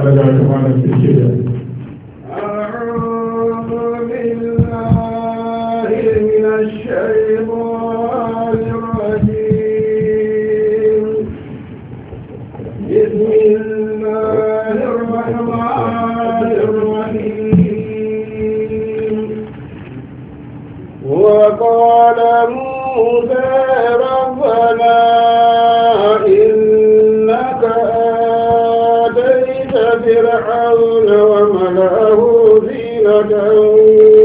alága àtàwọn àti ìṣẹ̀lẹ̀ فتنة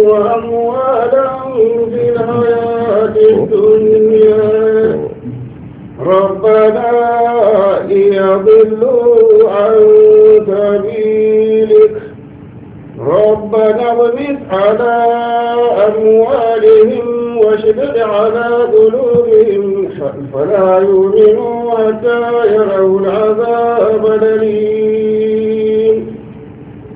وأموالا في الحياة الدنيا ربنا ليضلوا عن سبيلك ربنا اغمس على أموالهم واشدد على قلوبهم فلا يؤمنوا حتى يروا العذاب الأليم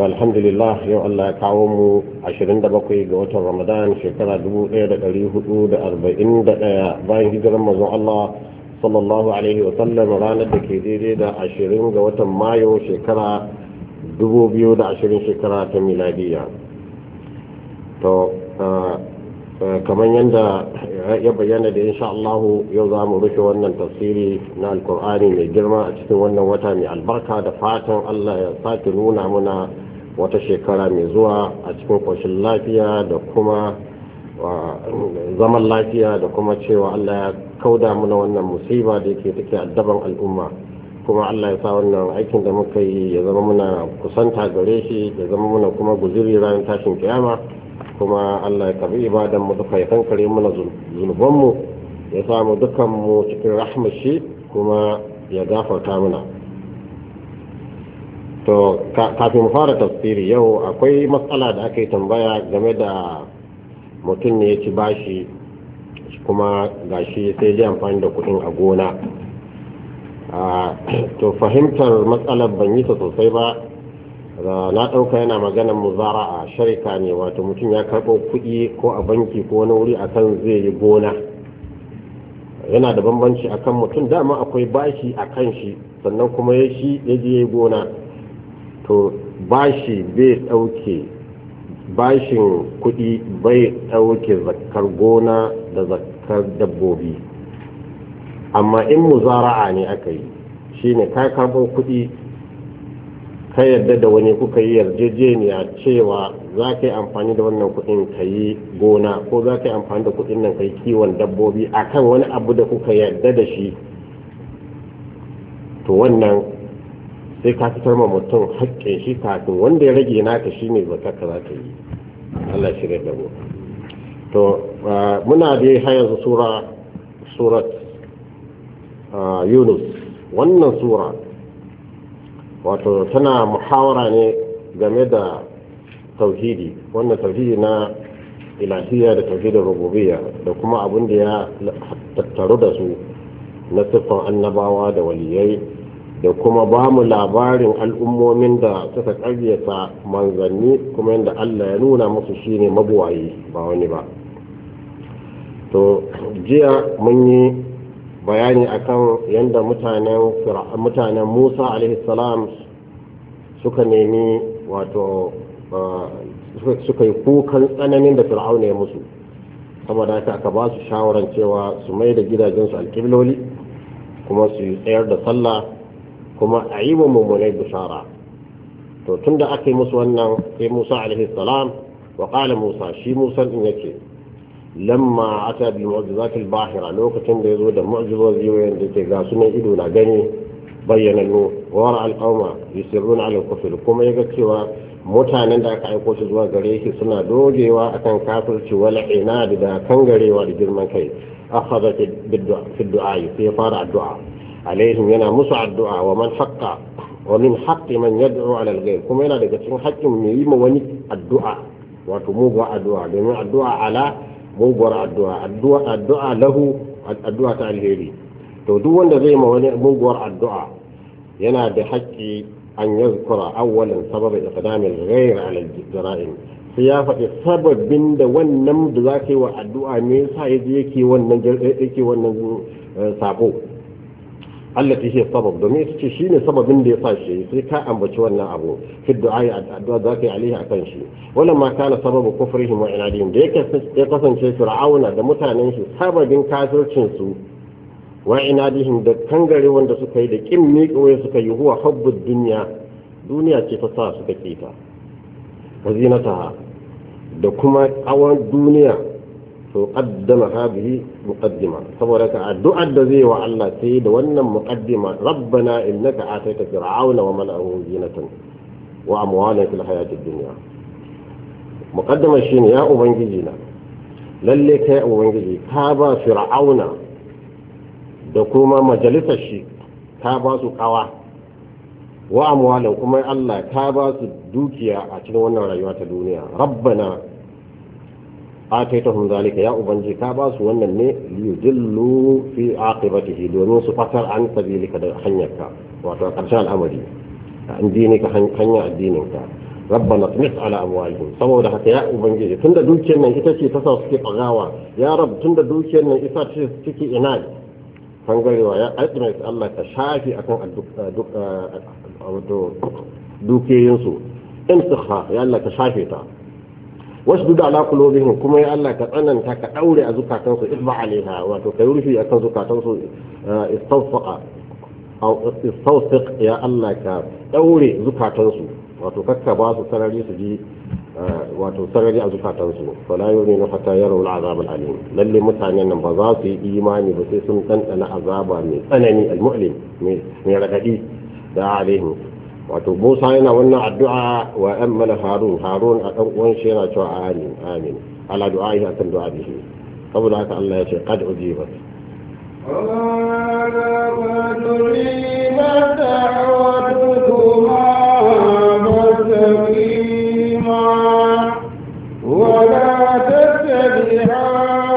to alhamdulillah yau Allah ya kawo mu 27 ga watan Ramadan shekara 1441 bayan hijirar mazan Allah sallallahu alaihi wa sallam ranar da ke daidai da 20 ga watan mayo shekara 2020 shekara ta miladiya to kamar yadda ya bayyana da insha Allah yau za mu rufe wannan tafsiri na alkur'ani mai girma a cikin wannan wata mai albarka da fatan Allah ya sake nuna muna wata shekara mai zuwa a cikin ƙoshin lafiya da kuma zaman lafiya da kuma cewa Allah ya kauda muna wannan musiba da yake take addaban al'umma kuma Allah ya sa wannan aikin da muka yi ya zama muna kusanta gare shi ya zama muna kuma guziri ranar tashin kiyama kuma Allah ya karbi ibadan mu duka ya kankare muna zunubanmu ya samu dukan mu cikin rahmashi kuma ya gafarta muna to kafin fara tafsiri yau akwai matsala da aka yi tambaya game da mutum ne ya ci bashi kuma gashi sai ji amfani da kudin a gona to fahimtar matsalar ban yi ta sosai ba na ɗauka yana maganar muzara a sharika ne wato mutum ya karɓo kuɗi ko a banki ko wani wuri akan zai yi gona yana da bambanci akan mutum dama akwai bashi akan shi sannan kuma ya shi ya je gona to bashi bai dauke bashin kudi bai dauke zakar gona da zakar dabbobi amma in muzara'a ne aka yi shine ka karɓo kuɗi ka yarda da wani kuka yi yarjejeniya cewa za ka yi amfani da wannan kuɗin ka yi gona ko za ka yi amfani da kuɗin nan ka yi kiwon dabbobi akan wani abu da kuka yarda da shi to wannan sai ka fitar ma mutum haƙƙin shi kafin wanda ya rage naka shi ne zaka ka za ka yi Allah shi da mu to muna dai har yanzu sura surat Yunus wannan sura wato tana muhawara ne game da tauhidi wannan tauhidi na ilahiyya da tauhidin rububiyya da kuma abin da ya tattaru da su na siffar annabawa da waliyai da kuma ba mu labarin al'ummomin da suka ƙaryata manzanni kuma yadda Allah ya nuna musu shine mabuwayi ba wani ba to jiya mun yi bayani akan yadda mutanen musa salam suka nemi wato eh, suka yi kukan tsananin da fir'auna ya musu saboda haka aka ba su shawaran cewa su mai da gidajensu alkibloli kuma su yi tsayar da sallah kuma a yi wa mummunai bishara to tun da aka yi musu wannan sai musa alaihi salam wa musa shi musa din yake lamma ata bil mu'jizat bahira lokacin da yazo da mu'jizozi wanda ke ga sunan ido na gani bayyana nu wa ra al qawma yusirruna ala kufr kuma yaga cewa mutanen da aka aiko shi zuwa gare shi suna dogewa akan kafirci wala inad da kangarewa da girman kai akhadha fi du'a sai fara addu'a عليهم ينا مسع الدعاء ومن فقع ومن حق من يدعو على الغير كما ينا دقت من حق من يما ونيت الدعاء وتموبع الدعاء لما الدعاء على موبر الدعاء الدعاء الدعاء له الدعاء تعليه لي تو دو وند زي ما وني الدعاء ينا بحق ان يذكر اولا سبب اقدام الغير على الجرائم سيافة السبب بين وننم دعاكي وعدوا ميسا يجيكي وننجل ايكي وننجل آه، سابو allati hiya sabab domin ita ce shine sababin da ya sa shi sai ka ambaci wannan abu fi du'ai addu'a za ka yi alaihi akan shi wala ma kana sababu kufrihim wa inadihim da ya kasance fir'auna da mutanen shi sababin kafircin su wa inadihim da kangare wanda suka yi da kin miƙe suka yi huwa hubbud dunya duniya ce ta sa suka kita wa da kuma tsawon duniya to qaddama hadhihi muqaddima saboda ka addu'ar da zai wa Allah sai da wannan muqaddima rabbana innaka ataita fir'auna wa mala'ahu zinatan wa amwalan fil hayati dunya muqaddama shine ya ubangiji na lalle kai ubangiji ka ba fir'auna da kuma majalisar shi ka ba su kawa wa amwalan kuma Allah ka ba su dukiya a cikin wannan rayuwa ta duniya rabbana ataitahum zalika ya ubangi ka ba su wannan ne yujillu fi aqibatihi domin su fatar an sabilika da hanyarka wato karshen al'amari an dini ka hanya addinin ka rabbana tumis ala amwalihim saboda haka ya ubangiji tunda dukiyar nan ita ce ta sa suke bagawa ya rab tunda dukiyar nan ita ce suke ina fangarewa ya alƙimis Allah ka shafi akan dukiyoyinsu in ya Allah ka shafe ta واشدد على قلوبهم كما يا الله كتعلن كتعوري أزكا تنصو إطبع عليها وتكيوري في أتنزكا تنصو آه، استوفق أو استوفق يا الله كتعوري زكا تنصو وتكتك بعض السرعي سجي آه، وتسرعي أزكا تنصو فلا يؤمن حتى يروا العذاب العليم للي متعني أن إيماني بسيسن أن أنا عذابا من أنني المؤلم من رغدي دا عليهم wato musa yana wannan addu'a wa yan harun harun a dan uwan shi yana cewa amin amin ala du'a yi akan du'a bihi saboda haka allah ya ce kad ujibat ولا تتبعا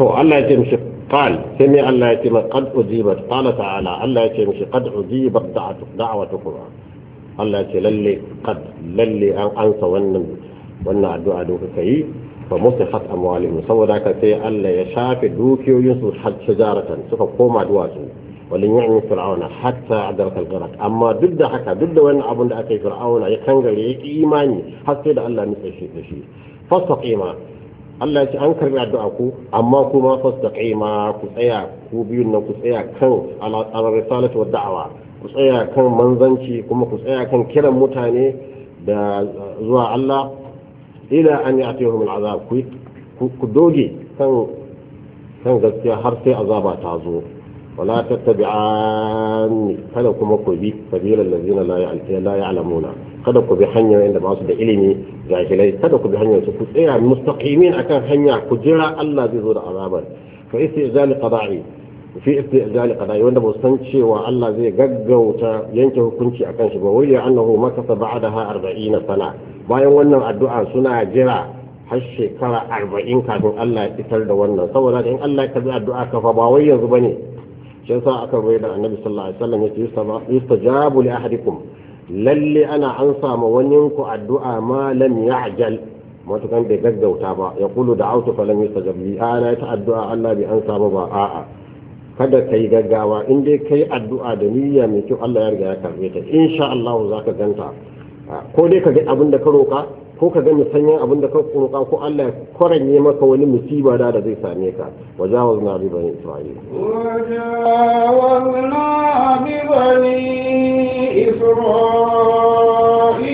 to Allah ya ce mishi qal sai mai Allah ya ce ma qad ujibat qala ta'ala Allah ya ce mishi qad ujibat da'watukum Allah ya ce lalle qad lalle an ansa wannan wannan addu'a da kuka yi fa musihat amwalihim saboda haka sai Allah ya shafe dukiyoyin su har suka koma duwatsu walin ya'in fir'auna hatta adraka al amma duk da haka duk da wannan abun da aka yi fir'auna ya kangare ya imani har sai da Allah ya nutsa shi da shi Allah ya ce an karbi addu'a ku amma kuma ma ku tsaya ku biyun nan ku tsaya kan al-risalatu wa da'awa ku tsaya kan manzanci kuma ku tsaya kan kiran mutane da zuwa Allah ila an ya'tihum al'azab ku ku doge kan kan gaskiya har sai azaba ta zo wala tattabi'an kada kuma ku bi sabilal allazina la ya'lamuna kada ku bi hanya da ba su da ilimi jahilai kada ku bi hanyoyin su ku tsaya mustaqimin akan hanya ku jira Allah zai zo da azabar fa istizali qada'i fi istizali qada'i wanda ba san cewa Allah zai gaggauta yanke hukunci akan shi ba wai annahu makasa ba'daha 40 sana bayan wannan addu'a suna jira har shekara 40 kafin Allah ya fitar da wannan saboda in Allah ya karbi addu'a ka fa ba wai yanzu bane shi yasa aka rawaita annabi sallallahu alaihi wasallam yace yustajabu li ahadikum lalle ana an samu wani ku addu'a ma lam ya'jal matukan bai gaggauta ba ya kulu da auto falam yustajab a ana ta addu'a Allah bai an samu ba a'a kada yi gaggawa in dai yi addu'a da niyya mai kyau Allah ya riga ya karbe ta insha za zaka ganta ko dai ka ga abin da ka roka ko ka gani sanyin abin da ka kunka ko Allah ya kwaranye maka wani musiba da da zai same ka wa na bi bani isra'il wa na bi bani isra'il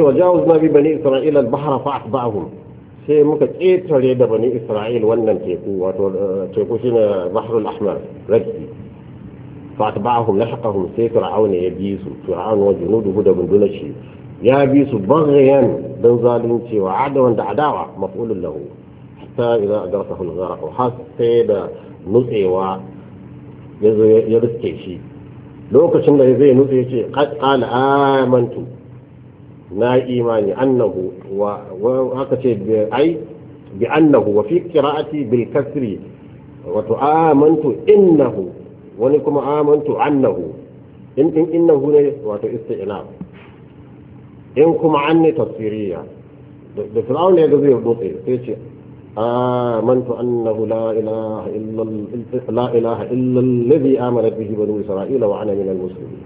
ce wa jawazna bi bani isra'ila al-bahra fa asba'ahum sai muka ƙetare da bani isra'il wannan teku wato teku shine bahrul ahmar rabbi fa atba'ahum lahaqahum sai fir'auna ya bi su fir'auna wa junuduhu da bundunar shi ya bi su baghayan dan zalunci wa adawan da adawa maf'ulun lahu hatta idza adrakahu al-gharq har sai da nutsewa ya riske shi lokacin da zai nutse ya ce qad qala amantu na imani annahu wa aka ce ai bi annahu wa fi qira'ati bil kasri wa tu amantu innahu wa ni kuma amantu annahu in din innahu ne wato istina in kuma anni tafsiriya da fir'aun ne ga zai dutse sai ce amantu annahu آمنت أنه لا إله إلا لا إله إلا الذي آمنت به بنو إسرائيل وأنا من muslimin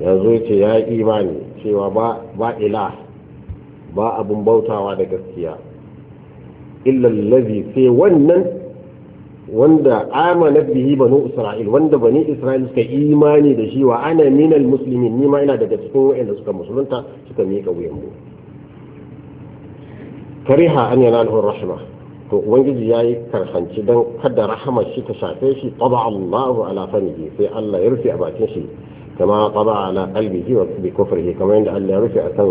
yanzu زوجتي ya imani cewa ba ila ba abun bautawa da gaskiya illallazi sai wannan wanda amana bihi banu isra'il wanda bani isra'il suka imani da shi wa ana minal muslimin ni ma ina daga cikin wa'anda suka musulunta suka miƙa wuyan mu kariha an yana alhur rahma to ubangiji yayi karhanci dan kada rahama shi ta shafe shi taba Allahu ala fanihi sai Allah ya rufe a bakin shi kama qada ala qalbihi wa bi kufrihi kama yanda Allah ya rufe akan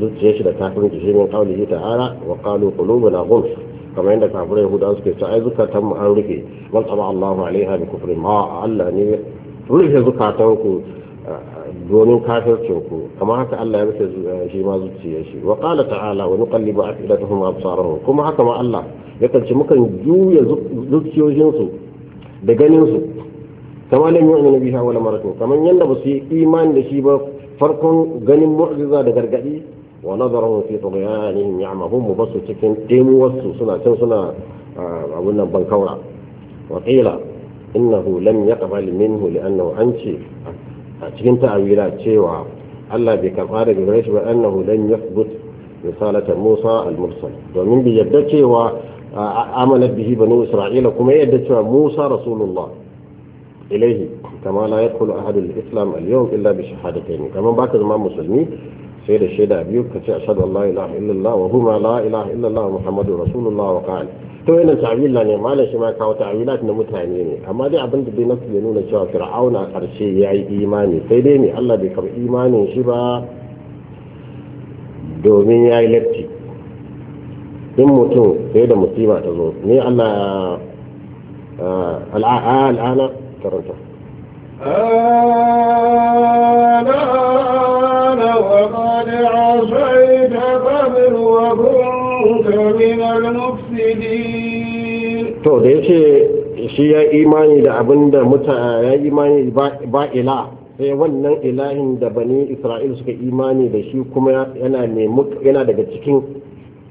zuciyar shi da kafirin shi min qawlihi ta'ala wa qalu qulubuna ghulf kama yanda kafirai yahudawa suke cewa ai zukatan mu an rufe wal qada Allahu alaiha bi kufri ma Allah ne rufe zukatan ku domin kafircin ku kama haka Allah ya rufe shi ma zuciyar shi wa qala ta'ala wa nuqallibu kuma haka a Allah ya kanci mukan juya zuciyoyinsu da ganinsu kama lam yu'minu biha wala maratu kaman yanda basu yi imani da shi ba farkon ganin mu'jiza da gargadi wa nazaruhum fi tughyanihim ya'mahum basu cikin demuwarsu suna can suna abun nan bankaura wa qila innahu lam yaqbal minhu li'annahu anci a cikin ta'awila cewa Allah bai karɓa daga gare shi ba annahu lam yathbut risalata Musa al-mursal domin bi yadda cewa amalat bihi banu Isra'ila kuma yadda cewa Musa rasulullah إليه كما لا يدخل أحد الإسلام اليوم إلا بشهادتين كما بعد ما مسلمي سيد الشهداء أبيو كتي أشهد الله لا إله إلا الله وهما لا إله إلا الله محمد رسول الله وقال تو إن تعويل لاني ما ليش ما كاو تعويلات نموت أما دي عبد الله بن أبي نون جاء فرعون آخر شيء يعي إيماني سيدني الله بكم إيماني شبا دومين يا إلتي إن متو سيد مصيبة تزور ني الله آه, آه، الآن آه karanta الآن وقد عصيت قبل وكنت من المفسدين to da ce shi ya imani da da mutane ya imani ba ila sai wannan ilahin da bani isra'il suka imani da shi kuma yana daga cikin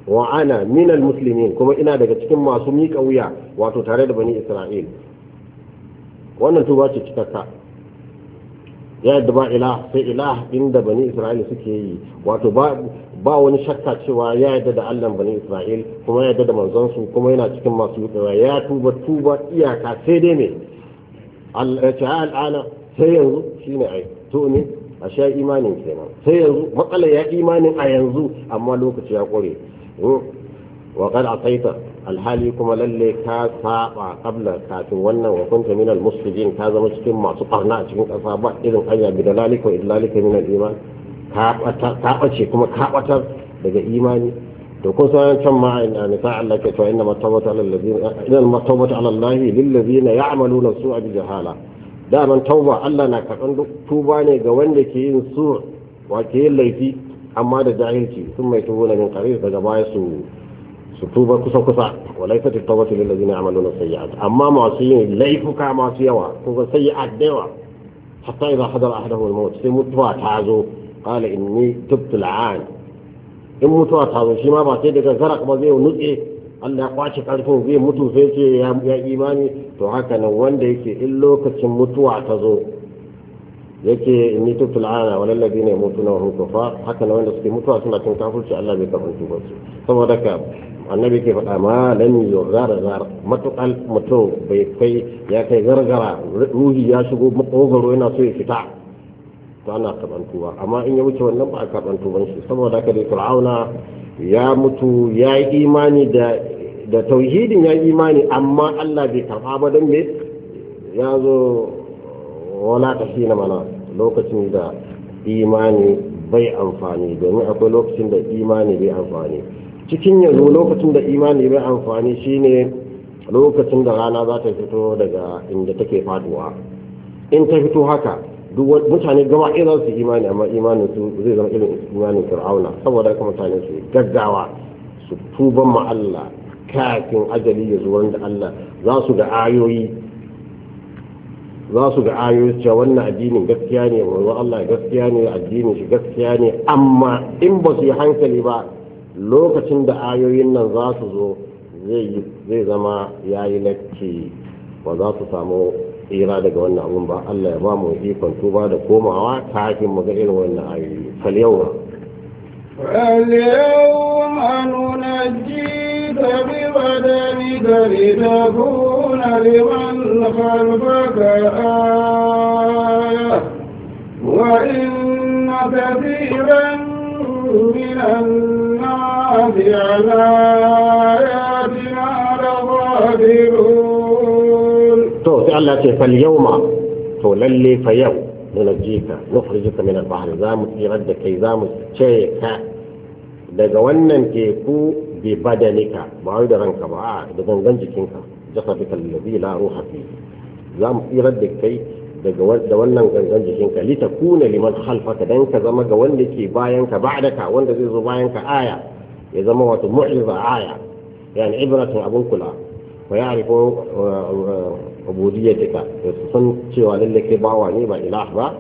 wa'ana minal musulmin kuma ina daga cikin masu miƙa wuya wato tare da bani isra'il wannan tuba ce cikakka ya yadda ba ilah sai ilah inda bani isra'il suke yi wato ba wani shakka cewa ya yadda da allah bani isra'il kuma ya yadda da manzansu kuma yana cikin masu yukewa ya tuba tuba iyaka sai dai me ce al'ana sai yanzu shine ai to ne a sha imanin kenan sai yanzu matsala ya imanin a yanzu amma lokaci ya kure hmm. wa alhali kuma lalle ka saba kabla kafin wannan wa kunta min ka zama cikin masu barna a cikin kasa ba irin anya bi dalalika illalika min aliman ka bace kuma ka batar daga imani to kun san can ma in nisa Allah ke to inna matawata ala alladhina inna matawata ala Allah lil ladina ya'maluna su'a bi jahala tauba Allah na karban duk tuba ne ga wanda ke yin su wa ke yin laifi amma da jahilci sun mai tubo na min qarir daga baya su سطوبة كسو كسا وليس التوبة للذين يعملون السيئات أما معصيين ليس كمعصيوا كسو سيئات ديوا حتى إذا حضر أحدهم الموت سيموتوا تعزو قال إني تبت العان إموتوا تعزو شما باتيدك زرق بذيه قال الله يقواتي قلبه فيه متو فيه يا إيماني تو هكا نوان ديكي إلو كتموتوا تعزو yake ni tutu al'ana wa lallabi ne mutu na wahun kufa haka na wanda suke mutuwa suna cin kafirci Allah bai kafin tuba su saboda ka annabi ke faɗa ma lami yuzar zar zara matuƙal bai kai ya kai gargara ruhi ya shigo makogaro yana so ya fita to ana karɓan tuba amma in ya wuce wannan ba a karɓan ban shi saboda ka dai fir'auna ya mutu ya yi imani da da tauhidin ya yi imani amma Allah bai karba ba dan me ya zo wala ta shi na mana lokacin da imani bai amfani domin akwai lokacin da imani bai amfani cikin yanzu lokacin da imani bai amfani shine lokacin da rana za ta fito daga inda take faduwa in ta fito haka duk mutane gama irin su imani amma imanin su zai zama irin imanin fir'auna saboda haka mutane su gaggawa su tuban ma Allah kafin ajali ya zo wanda Allah za su da ayoyi za su ga ayoyi cewa wannan addinin gaskiya ne wanzu Allah gaskiya ne addinin shi gaskiya ne amma in ba su yi hankali ba lokacin da ayoyin nan za su zo zai zama ya yi ba za su samu tsira daga wannan abun ba Allah ya ba mu ikon tuba da komawa kafin mu ga irin wannan ayoyi fal فاليوم ننجيك ببدنك لتكون لمن خلفك آية وإن كثيرا من الناس على آياتنا لغافلون. تو الله فاليوم to lalle fa nunajjika nukhrijuka min al-bahr za mu tsirar da kai za mu cire ka daga wannan teku bi badanika ba wai da ranka ba da gangan jikinka jasadika alladhi la ruha fi za mu tsirar da kai da wannan gangan jikinka li takuna liman khalfaka dan ka zama ga wanda ke bayan ka ba'daka wanda zai zo bayan ka aya ya zama wato a aya yani ibratun abun kula ويعرف عبوديتك يتصن شيء على لك باو عني با إله با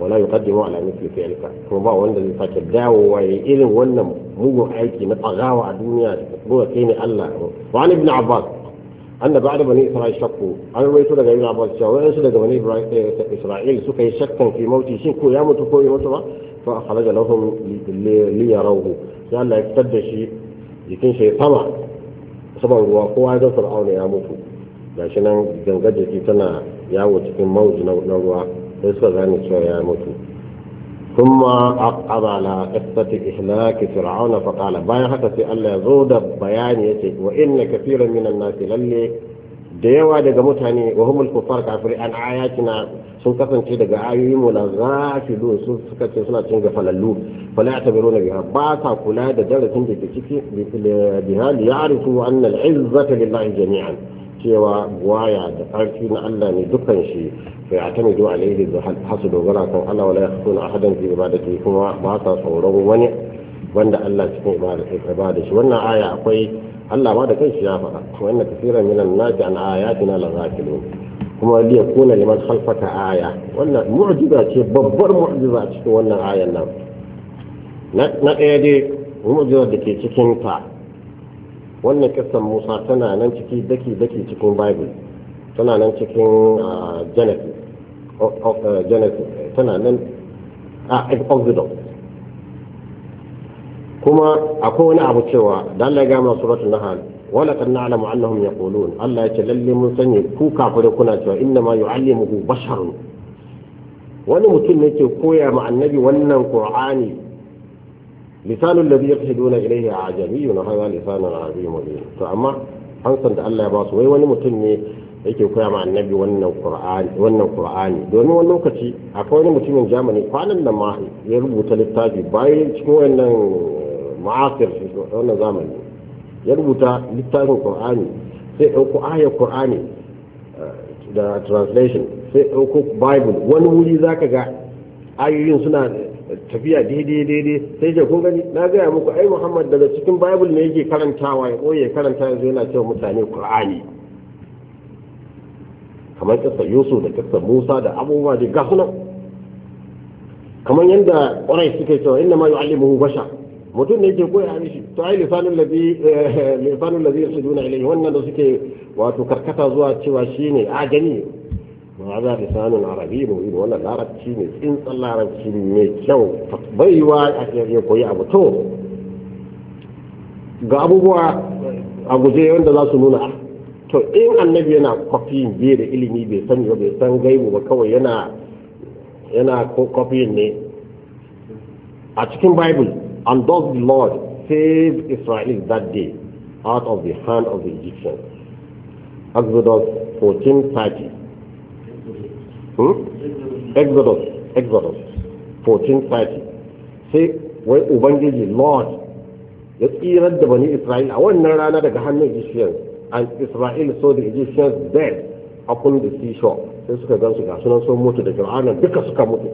ولا يقدم على مثل فعلك هو باو عند اللي فاك الدعو وإذن ونم مو حيكي نتغاوى الدنيا بو كيني الله وعن ابن عباس أن بعد بني إسرائيل شكوا أنا رويت لك ابن عباس شاوى أنس لك بني إسرائيل سكا يشكا في موتي شكوا يا موتو كوي موتو فأخرج لهم ليروه يعني لا يفتدشي يكون شيء طمع saman ruwa kowa ya ga auna ya mutu gashi nan gangar jiki tana yawo cikin mawuji na ruwa sai suka gane cewa ya mutu kuma ثم عقب على قصة bayan haka sai Allah ya zo da bayani yace wa inna kathiran minan nasi lalle da yawa daga mutane wa humul kufar kafir an ayatina sun kasance daga ayoyi mu la ghafilun sun suka ce suna cin gafalallu fala na biha ba sa kula da darasin da ke ciki biha li ya'rifu anna al-izzata lillahi jami'an cewa waya da karfi na Allah ne dukkan shi sai a tamidu alaihi da hasu dogara kan Allah wala yahsuna ahadan fi ibadati kuma ba sa tsoron wani wanda Allah cikin ibada sai ba shi wannan aya akwai Allah ma da shi ya faɗa to inna kaseeran minan nasi an ayatina la ghafilun kuma li yakuna liman khalfaka aya wannan mu'jiza ce babbar mu'jiza cikin wannan ayan nan na ɗaya dai mu'jiza da ke cikin ta wannan kissan Musa tana nan ciki daki daki cikin Bible tana nan cikin ah, Genesis eh, Genesis tana nan a ah, Exodus kuma akwai wani abu cewa dan la gama suratul nahl wala kan na'lamu annahum yaqulun Allah ya ce lalle mun sani ku kafirai kuna cewa inna ma yu'allimuhu basharun wani mutum ne ke koya ma annabi wannan qur'ani lisanu alladhi yaqhiduna ilayhi ajamiyyun hadha lisanun arabiyyun to amma an san da Allah ya ba su wai wani mutum ne yake koya ma annabi wannan qur'ani wannan qur'ani domin wani lokaci akwai wani mutumin jamani kwanan nan ma ya rubuta littafi bayan cikin wannan ma'asir shi wannan zamani ya rubuta littafin qur'ani sai ɗauko ayar qur'ani eh, da translation sai ɗauko bible wani wuri ka ga ayoyin suna tafiya daidai daidai sai ce kun gani na gaya muku ai muhammad daga cikin bible ne yake karantawa ya ɓoye karanta yanzu yana cewa mutane qur'ani kamar kasa yusuf da kasa musa da abubuwa da gasunan kamar yadda ƙwarai suke cewa inna ma yu'allimuhu bashar mutum ne ke koya mishi to ai lisanin ladhi eh, lisanin ladhi yasuduna ilayhi wannan da suke wato karkata zuwa cewa shine ajami ma za lisanin arabi mubin wannan larabci ne tsintsan larabci ne kyau wa a ya koyi abu to ga abubuwa a guje wanda za su nuna to in annabi yana kwafiyin biye da ilimi bai sani ba bai san gaibu ba kawai yana yana kwafiyin ne a cikin bible And thus the Lord saved Israel that day out of the hand of the Egyptians. Exodus 14.30 hmm? Exodus, Exodus 14.30 Sai wai the Lord ya tsirar da bani Isra'il a the hand of the Egyptians and Israel saw the Egyptians dead upon the seashore sai suka gan su ga sunan sun the da Fir'auna duka suka mutu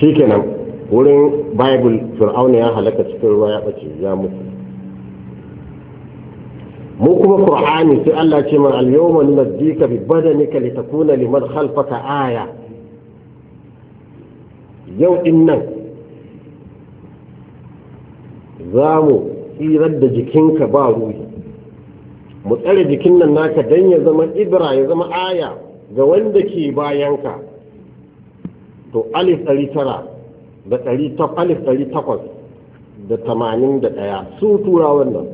kenan wurin bible fir'auna ya halaka cikin ruwa ya bace ya mutu mu kuma qur'ani sai Allah ce man al-yawma nunajjika bi badanika litakuna liman khalfaka aya yau din nan za mu tsirar da jikinka ba ruhi mu tsare jikin nan naka dan ya zama ibra ya zama aya ga wanda ke bayanka to alif ɗari tara da ɗari alif ɗari takwas da tamanin da ɗaya sun tura wannan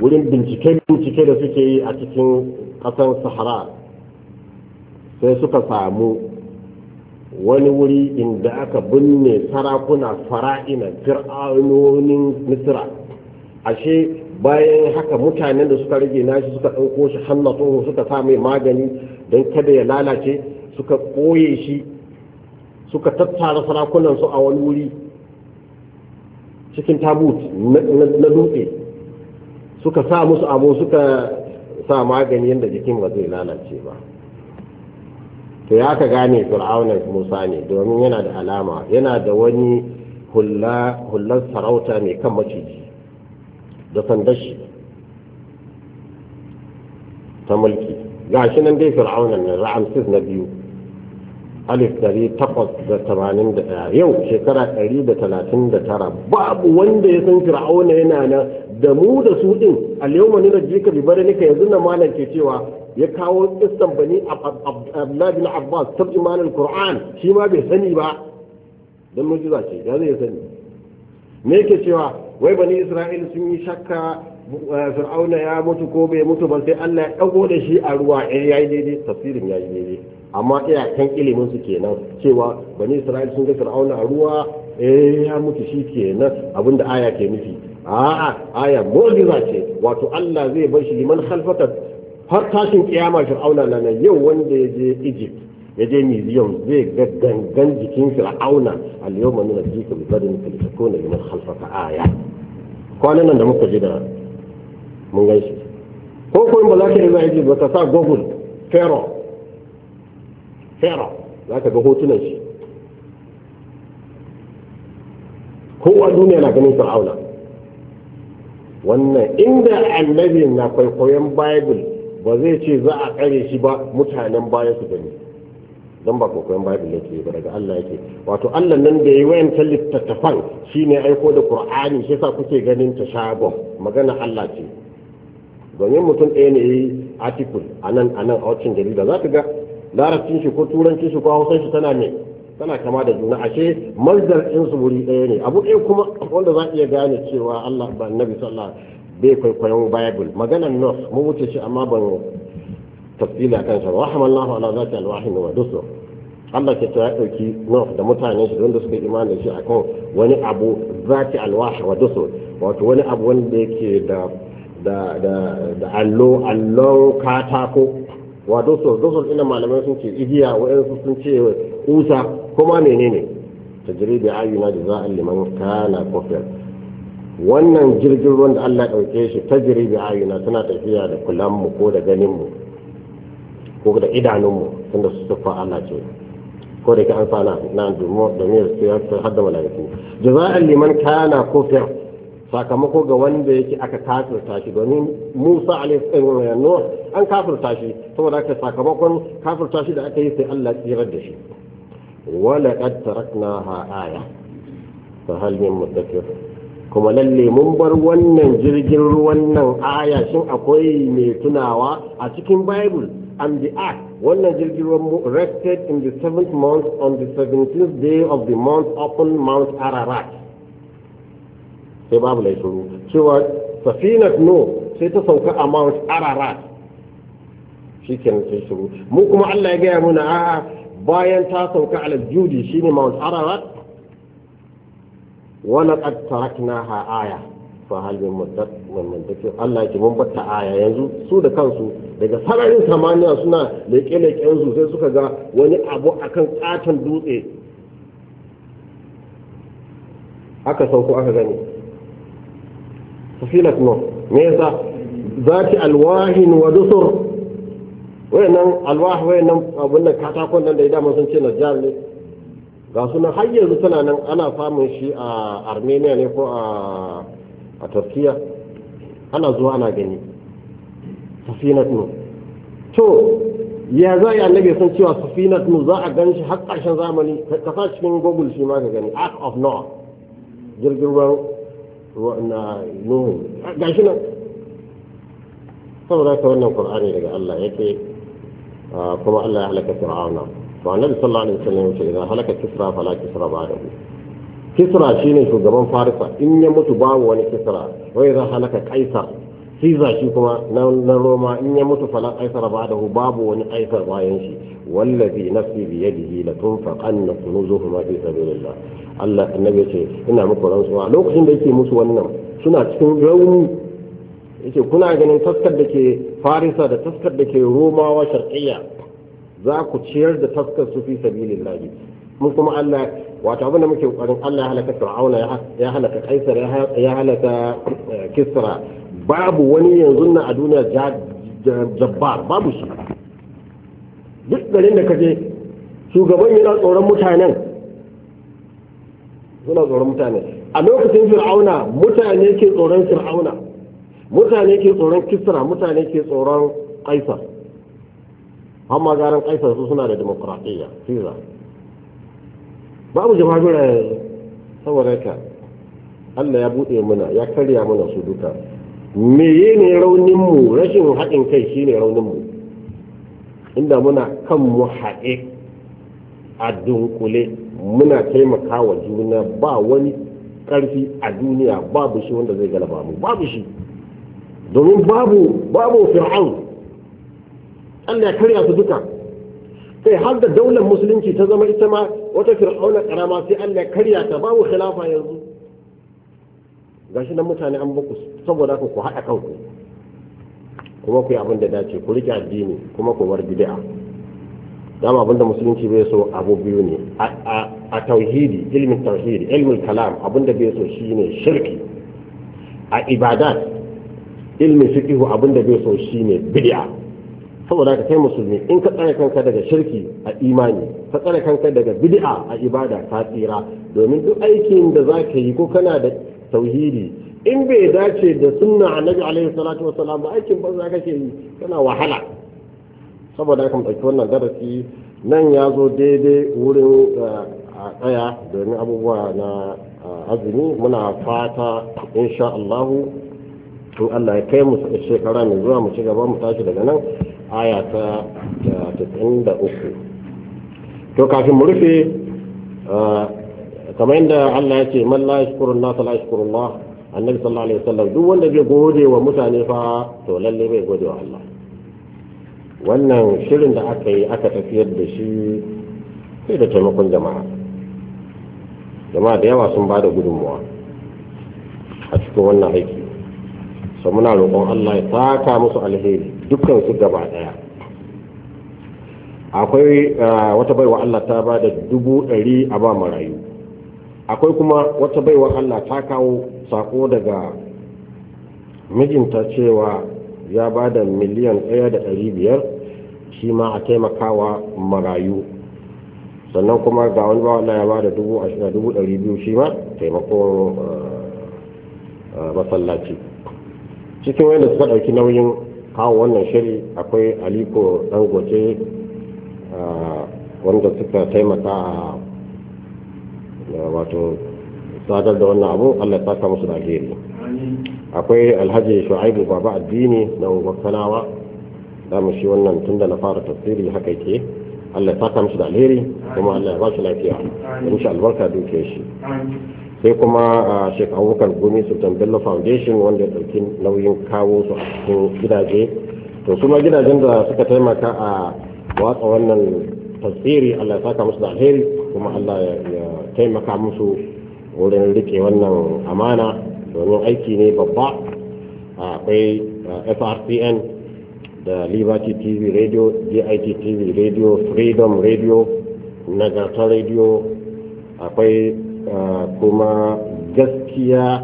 wurin bincike-bincike da suke yi a cikin ƙasar sahara sai suka samu wani wuri inda aka binne sarakuna fara'ina fir'aunonin misira ashe bayan haka mutanen da suka rage nashi suka ɗauko shi hannatu, suka sa mai magani don kada ya lalace suka koye shi suka tattara sarakunansu a wani wuri cikin tabut na dutse suka sa musu abu suka sa magani yadda jikin ba zai lalace ba to ya ka gane fir'aunar musa ne domin yana da alama yana da wani hullar sarauta mai kan maciji da sandar shi ta mulki ga shi nan dai fir'aunar na ra'amsis na biyu alif ɗari takwas da tamanin da ɗaya yau shekara ɗari da talatin da tara babu wanda ya san fir'auna yana nan da mu da su ɗin alyawma nuna jika bi bari nika yanzu na malam ke cewa ya kawo kistan bani abdullahi bin abbas tarjuman qur'an shi ma bai sani ba dan mujiza ce ya zai sani me yake cewa wai bani isra'ila sun yi shakka eh, fir'auna ya mutu ko bai mutu ba sai Allah ya dago da shi a ruwa eh yayi daidai tafsirin yayi daidai amma kan ilimin su kenan cewa bani isra'il sun ga fir'auna a ruwa eh ya mutu shi kenan abinda aya ke nufi a'a aya mu'jiza ce wato Allah zai bar shi liman khalfata har tashin kiyama fir'auna nan yau wanda ya je Egypt ya je museum zai ga gangan jikin fir'auna al-yawma nunajjika bi badanika takuna liman khalfata aya kwanan nan da muka ji da mun gaishe ko ko in ba za ka yi ba ta sa google pharaoh fera za ka ga hotunan shi kowa duniya na ganin fir'auna wannan inda annabi na kwaikwayon bible ba zai ce za a kare shi ba mutanen baya su gani don ba kwaikwayon bible yake ba daga Allah yake wato Allah nan da yi wayan littattafan ne aiko da kur'ani shi sa kuke ganin ta shagon magana Allah ce domin mutum ɗaya ne ya yi article a nan a nan a wacin jarida za ka ga larabcin shi ko turancin shi ko hausan shi tana ne tana kama da juna ashe mazdar in su wuri ɗaya ne abu ɗaya kuma wanda za iya gane cewa Allah ba annabi sallallahu bai kwaikwayon bible maganar nos mun wuce shi amma ban a kan shi rahimallahu ala zati alwahin wa dusur Allah ke ta dauki nos da mutanen shi wanda suka imani shi akan wani abu zati alwah wa dusur wato wani abu wanda yake da da da allo allon katako wa so dosun ina malamai sun ce igiya wa'yansu sun ce kusa kuma menene tajribi ayyuna jaza'an liman kana kufir wannan jirgin ruwan da Allah ɗauke shi tajribi ayyuna tana tafiya da kulan mu ko da ganin mu ko da idanun mu tunda su sufa Allah ce ko da ke an sana na domin su ya hadda malaiku jaza'an liman kana kufir sakamako ga wanda yake aka kafirta shi domin Musa alaihi eh, eh, Nuh an kafirta shi saboda aka sakamakon kafirta shi da aka yi sai Allah tsirar da shi wala qad taraknaha aya fa hal min mudakkir kuma lalle mun bar wannan jirgin ruwan nan aya shin akwai mai tunawa a cikin Bible and the act wannan jirgin ruwan rested in the seventh month on the seventeenth day of the month upon Mount Ararat sai babu mai shuru cewa safinat no sai ta sauka a mount ararat shi ke nan sai shiru. mu kuma allah ya gaya muna a bayan ta sauka a aljudi shi ne mount ararat wala qad ha aya fa hal min mudakkir allah ke mun batta aya yanzu su da kansu daga sararin samaniya suna leƙe-leƙen su sai suka ga wani abu akan katon dutse aka sauko aka gani fasilat no me yasa zati alwahin wa dusur wayannan alwah wayannan abun nan katakon nan da ya dama sun ce najjar ne ga suna har yanzu tana nan ana samun shi a Armenia ne ko a Turkiya ana zuwa ana gani fasilat no to ya za yi annabi san cewa safinat no za a gan shi har ƙarshen zamani ka sa cikin google shi ma ka gani ark of noah jirgin ruwan nuhu ga shi nan saboda ka wannan qur'ani daga Allah yake kuma Allah ya halaka fir'auna to annabi sallallahu alaihi wasallam ya ce idan halaka kisra fala kisra ba'dahu kisra shine shugaban farisa in ya mutu babu wani kisra wai idan halaka kaisar hiza shi kuma na roma in ya mutu falan aisar ba da babu wani aisar bayan shi wallazi nafsi bi yi la na tunfaqanna kunuzuhuma fi sabilillah Allah annabi ce ina muku rantsuwa lokacin da yake musu wannan suna cikin rauni yace kuna ganin taskar da ke farisa da taskar da ke romawa sharqiyya za ku ciyar da taskar su fi sabilillah mun kuma Allah wato abin da muke kokarin Allah ya halaka Fir'auna ya halaka Kaisar ya halaka eh, Kisra babu wani yanzu na a duniya jabbar babu shi duk garin da kaje shugaban yana tsoron mutanen suna tsoron mutane a lokacin fir'auna mutane ke tsoron fir'auna mutane ke tsoron kisra mutane ke tsoron kaisar amma garin kaisar su suna da demokradiyya fiza babu jama'ar saboda ka Allah ya buɗe mana ya karya mana su duka meye ne rauninmu rashin haɗin kai shine rauninmu inda muna kan mu haɗe a dunkule muna taimaka wa juna ba wani ƙarfi a duniya babu shi wanda zai galaba mu babu shi domin babu babu fir'aun Allah ya karya su duka Sai har da daular musulunci ta zama ita ma wata fir'auna karama sai Allah ya karya ta babu khilafa yanzu gashi nan mutane an baku saboda ku haɗa kanku kuma ku yi abin da dace ku rike addini kuma ku bar bid'a dama abin da musulunci bai so abu biyu ne a tauhidi ilmin tauhidi ilmin kalam abin da bai so shine shirki a ibadat ilmin fiqhu abin da bai so shine bid'a saboda ka kai musulmi in ka tsare kanka daga shirki a imani ka tsare kanka daga bid'a a ibada ta tsira domin duk aikin da za ka yi ko kana da tauhidi in bai dace da sunna annabi alaihi salatu wasalam ba aikin ka ce yi yana wahala saboda kan ɗauki wannan darasi nan ya zo daidai wurin a tsaya domin abubuwa na azumi muna fata insha Allahu to Allah ya kai mu shekara mai zuwa mu ci gaba mu tashi daga nan aya ta 93 to kafin mu rufe kamar yadda Allah ya ce man la yashkurun nas la Allah annabi sallallahu alaihi wasallam duk wanda bai gode wa mutane fa to lalle bai gode wa Allah wannan shirin da aka yi aka tafiyar da shi sai da taimakon jama'a jama'a da yawa sun bada gudunmuwa a cikin wannan aiki so muna roƙon Allah ya saka musu alheri dukkan su gaba daya akwai ah, wata baiwa Allah ta ba da dubu ɗari a ba marayu akwai kuma wata baiwa Allah ta kawo sako daga mijinta cewa ya ba da miliyan ɗaya da biyar shi ma a taimakawa marayu sannan kuma ga wani ba Allah ya ba da dubu shi ma taimakon eh, eh, masallaci cikin wanda suka ɗauki nauyin kawo wannan shiri akwai aliko dangote eh, wanda suka taimaka a wato sadar da wannan abu Allah ya saka musu da alheri akwai alhaji shu'aibu baba addini na wakalawa da mu shi wannan tunda na fara tafsiri haka yake Allah ya saka musu da alheri kuma Allah ya ba shi lafiya insha albarka duke shi sai kuma a Sheikh Abubakar Gumi Sultan Bello Foundation wanda ya nauyin kawo su a cikin gidaje to kuma gidajen da suka taimaka a watsa wannan tafsiri Allah ya saka musu da alheri kuma Allah ya taimaka musu wurin rike wannan amana domin aiki ne babba akwai FRCN da Liberty TV Radio, DIT TV Radio, Freedom Radio, Nagarta Radio, akwai kuma gaskiya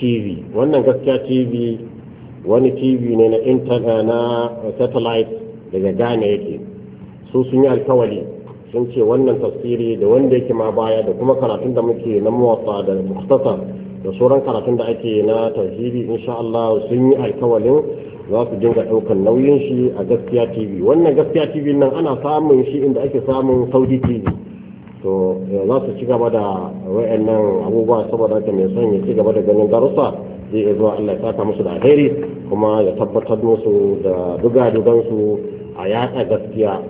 TV. Wannan gaskiya TV wani TV ne na satellite daga Ghana yake. su sun yi alkawari sun ce wannan tafsiri da wanda yake ma baya da kuma karatun da muke na muwatsa da muktasa da sauran karatun da ake na tafsiri insha Allah sun yi alkawalin za su dinga daukan nauyin shi a gaskiya tv wannan gaskiya tv nan ana samun shi inda ake samun saudi tv to eh, za su ci gaba da wayannan abubuwa saboda haka mai son ya ci gaba da ganin darussa zai iya zuwa Allah ya saka musu da alheri kuma ya tabbatar musu da dugadugan su a yaɗa gaskiya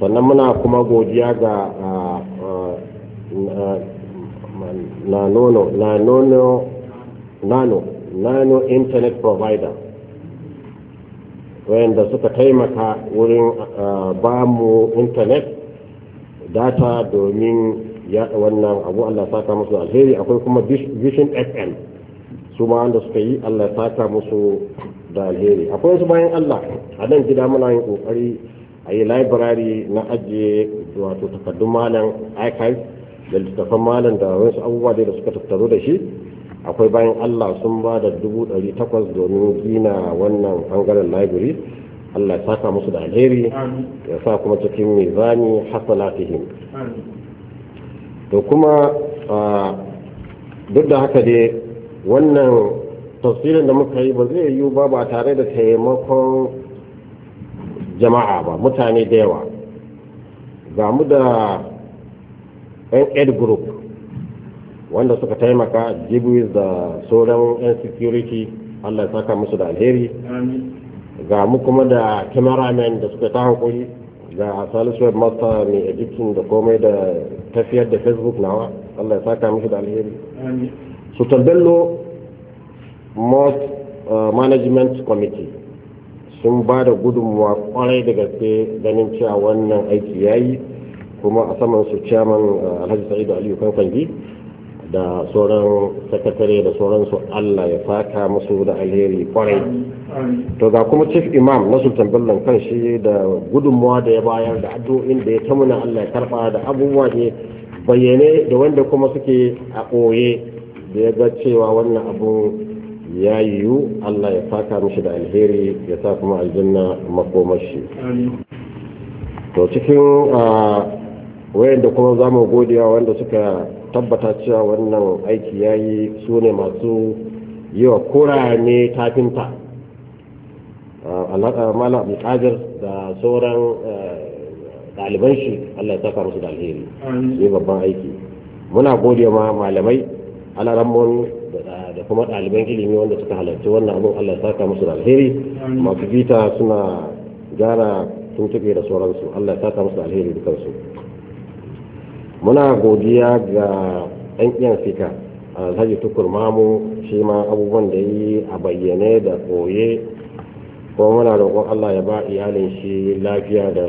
sannan muna kuma godiya ga nano nano internet provider wayanda suka taimaka wurin ba mu internet data domin yaɗa wannan abu Allah ya saka musu alheri akwai kuma vision fm su ma wanda suka yi Allah ya saka musu da alheri akwai wasu bayan Allah a nan gida muna yin kokari a yi library na ajiye wato takardun malam archive da littattafan malam da wasu abubuwa da suka tattaro da shi akwai bayan allah sun ba da dubu ɗari takwas domin gina wannan bangaren library allah ya saka musu da alheri ya sa kuma cikin mizani hasanatihim to kuma duk da haka dai wannan tafsirin da muka yi ba zai yiwu ba ba tare da taimakon jama'a ba mutane da yawa ga mu da 'yan aid group wanda suka taimaka jibuis da sauran 'yan security allah ya saka musu da alheri ga mu kuma da cameraman da suka ta hankuri ga salisu webmaster mai egyptian da komai da tafiyar da facebook nawa allah ya saka musu da alheri su bello most eh, management committee sun ba da gudunmuwa kwarai da gaske ganin cewa wannan aiki ya yi kuma a saman su ciyaman uh, alhaji sa'idu aliyu kanfangi da sauran sakatare da sauransu allah ya fata musu da alheri kwarai to ga kuma chief imam na sultan bello kan shi da gudunmuwa da ya bayar da addu'o'in da ya tamuna allah ya karba da abubuwa ne bayyane da wanda kuma suke a ɓoye da ya ga cewa wannan abu ya yiwu Allah ya saka mishi da alheri ya sa kuma aljanna makomashi to cikin wayanda kuma za mu godiya wanda suka tabbata cewa wannan aiki ya yi su ne masu yi wa kurane tafinta malam abdulkadir da sauran e, ɗaliban shi Allah ya saka musu da alheri ne babban aiki muna gode ma malamai alaramun da kuma ɗaliban ilimi wanda suka halarci wannan abin Allah ya saka musu da alheri masu bita suna gyara tuntuɓe da sauransu Allah ya saka musu da alheri dukansu muna godiya ga ɗan iyan fika alhaji tukur mamu shi ma abubuwan da yi a bayyane da koye kuma muna roƙon Allah ya ba iyalin shi lafiya da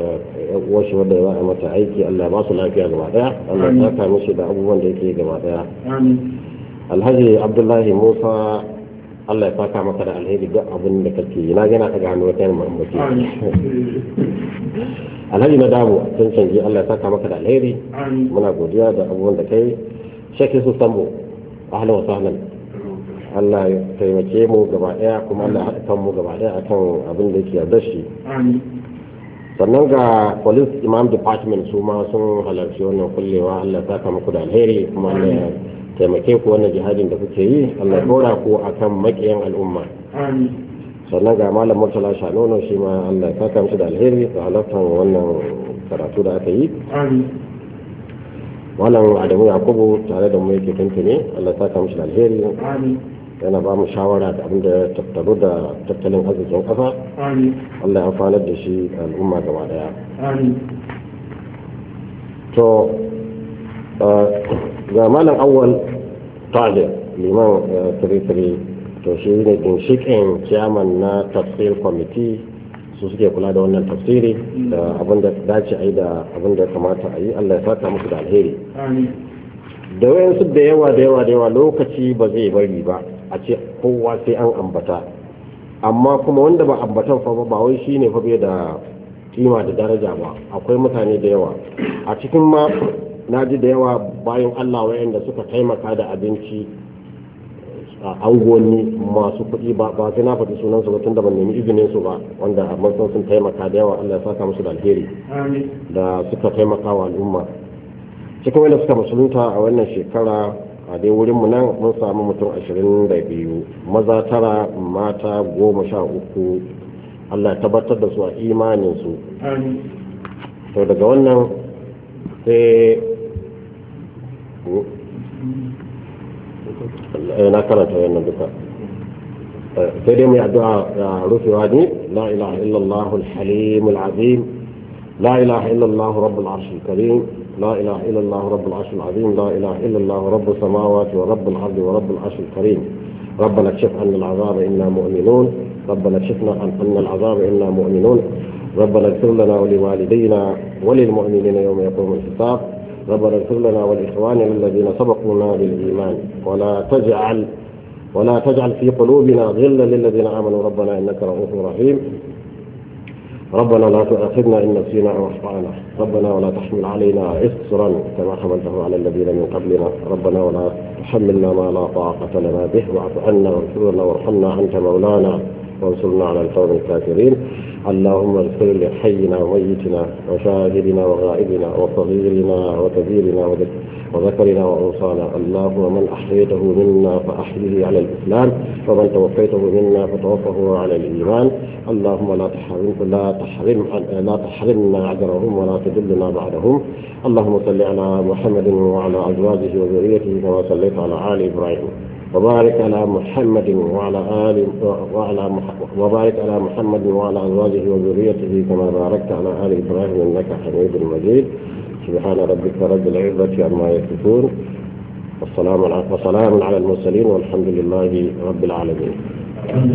wasu shi wanda ba a mata aiki Allah ya ba su lafiya gaba ɗaya Allah ya saka musu da abubuwan da yake gaba ɗaya alhaji abdullahi musa allah ya saka maka da alheri duk abin da kake yi na gana daga hannu wata yamma mace alhaji na damu a can canji allah ya saka maka da alheri muna godiya da abubuwan da kai shakki su sambo ahlan wasu sahlan allah ya taimake mu gaba daya kuma allah ya haɗa mu gaba daya akan abin da yake yarda shi sannan ga police imam department su ma sun halarci wannan kullewa allah ya saka maku da alheri kuma allah ya taimake ku wannan jihadin da kuke yi Allah dora ku akan makiyan al'umma sannan ga malam Murtala Shanono shi ma Allah ya saka da alheri da halartar wannan karatu da aka yi malam Adamu Yakubu tare da mu yake tuntune Allah ya saka mishi da alheri yana ba mu shawara da abin da tattaru da tattalin arzikin kasa Allah ya amfanar da shi al'umma gaba daya to ga malam awwal talib liman 33 to shi ne ginshikin ciyaman na tafsir kwamiti su suke kula da wannan tafsiri da abin da dace a yi da abin da kamata a yi allah ya saka musu da alheri da wayansu da yawa da yawa da yawa lokaci ba zai bari ba a ce kowa sai an ambata amma kuma wanda ba ambatan fa ba wai shi ne fa bai da kima da daraja ba akwai mutane da yawa a cikin ma na ji da yawa bayan allah wayanda suka taimaka da abinci a angoni masu kuɗi ba sai na faɗi sunansu ba tun da ban nemi izinin su ba wanda mun sun taimaka da yawa allah ya saka musu da alheri da suka taimaka wa al'umma cikin wanda suka musulunta a wannan shekara a dai wurin mu nan mun samu mutum ashirin da biyu maza tara mata goma sha uku allah tabbatar da su a imanin su to daga wannan sai na karanta wannan duka sai dai mai addu'a da rufewa ne la ilaha illallah al-halim al لا إله إلا الله رب العرش العظيم لا إله إلا الله رب السماوات ورب الأرض ورب العرش الكريم ربنا اكشف عنا العذاب إنا مؤمنون ربنا اكشفنا عنا العذاب إنا مؤمنون ربنا اغفر لنا ولوالدينا وللمؤمنين يوم يقوم الحساب ربنا اغفر لنا ولإخواننا الذين سبقونا بالإيمان ولا تجعل ولا تجعل في قلوبنا غلا للذين آمنوا ربنا إنك رؤوف رحيم ربنا لا تؤاخذنا إن نسينا أو أخطأنا ربنا ولا تحمل علينا اسرا كما حملته على الذين من قبلنا ربنا ولا تحملنا ما لا طاقة لنا به واعف عنا واغفر لنا وارحمنا أنت مولانا وانصرنا على القوم الكافرين اللهم اغفر لحينا وميتنا وشاهدنا وغائبنا وصغيرنا وكبيرنا وذكرنا وانصانا اللهم من احييته منا فاحيه على الاسلام ومن توفيته منا فتوفه على الايمان اللهم لا تحرم لا تحرم لا تحرمنا اجرهم ولا تدلنا بعدهم اللهم صل على محمد وعلى ازواجه وذريته كما صليت على ال ابراهيم وبارك على محمد وعلى آل وعلى وبارك على محمد وعلى أزواجه وذريته كما باركت على آل إبراهيم إنك حميد مجيد سبحان ربك رب العزة عما يصفون والسلام على وسلام على المرسلين والحمد لله رب العالمين. الحمد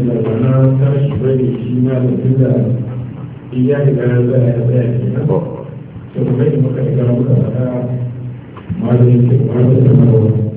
لله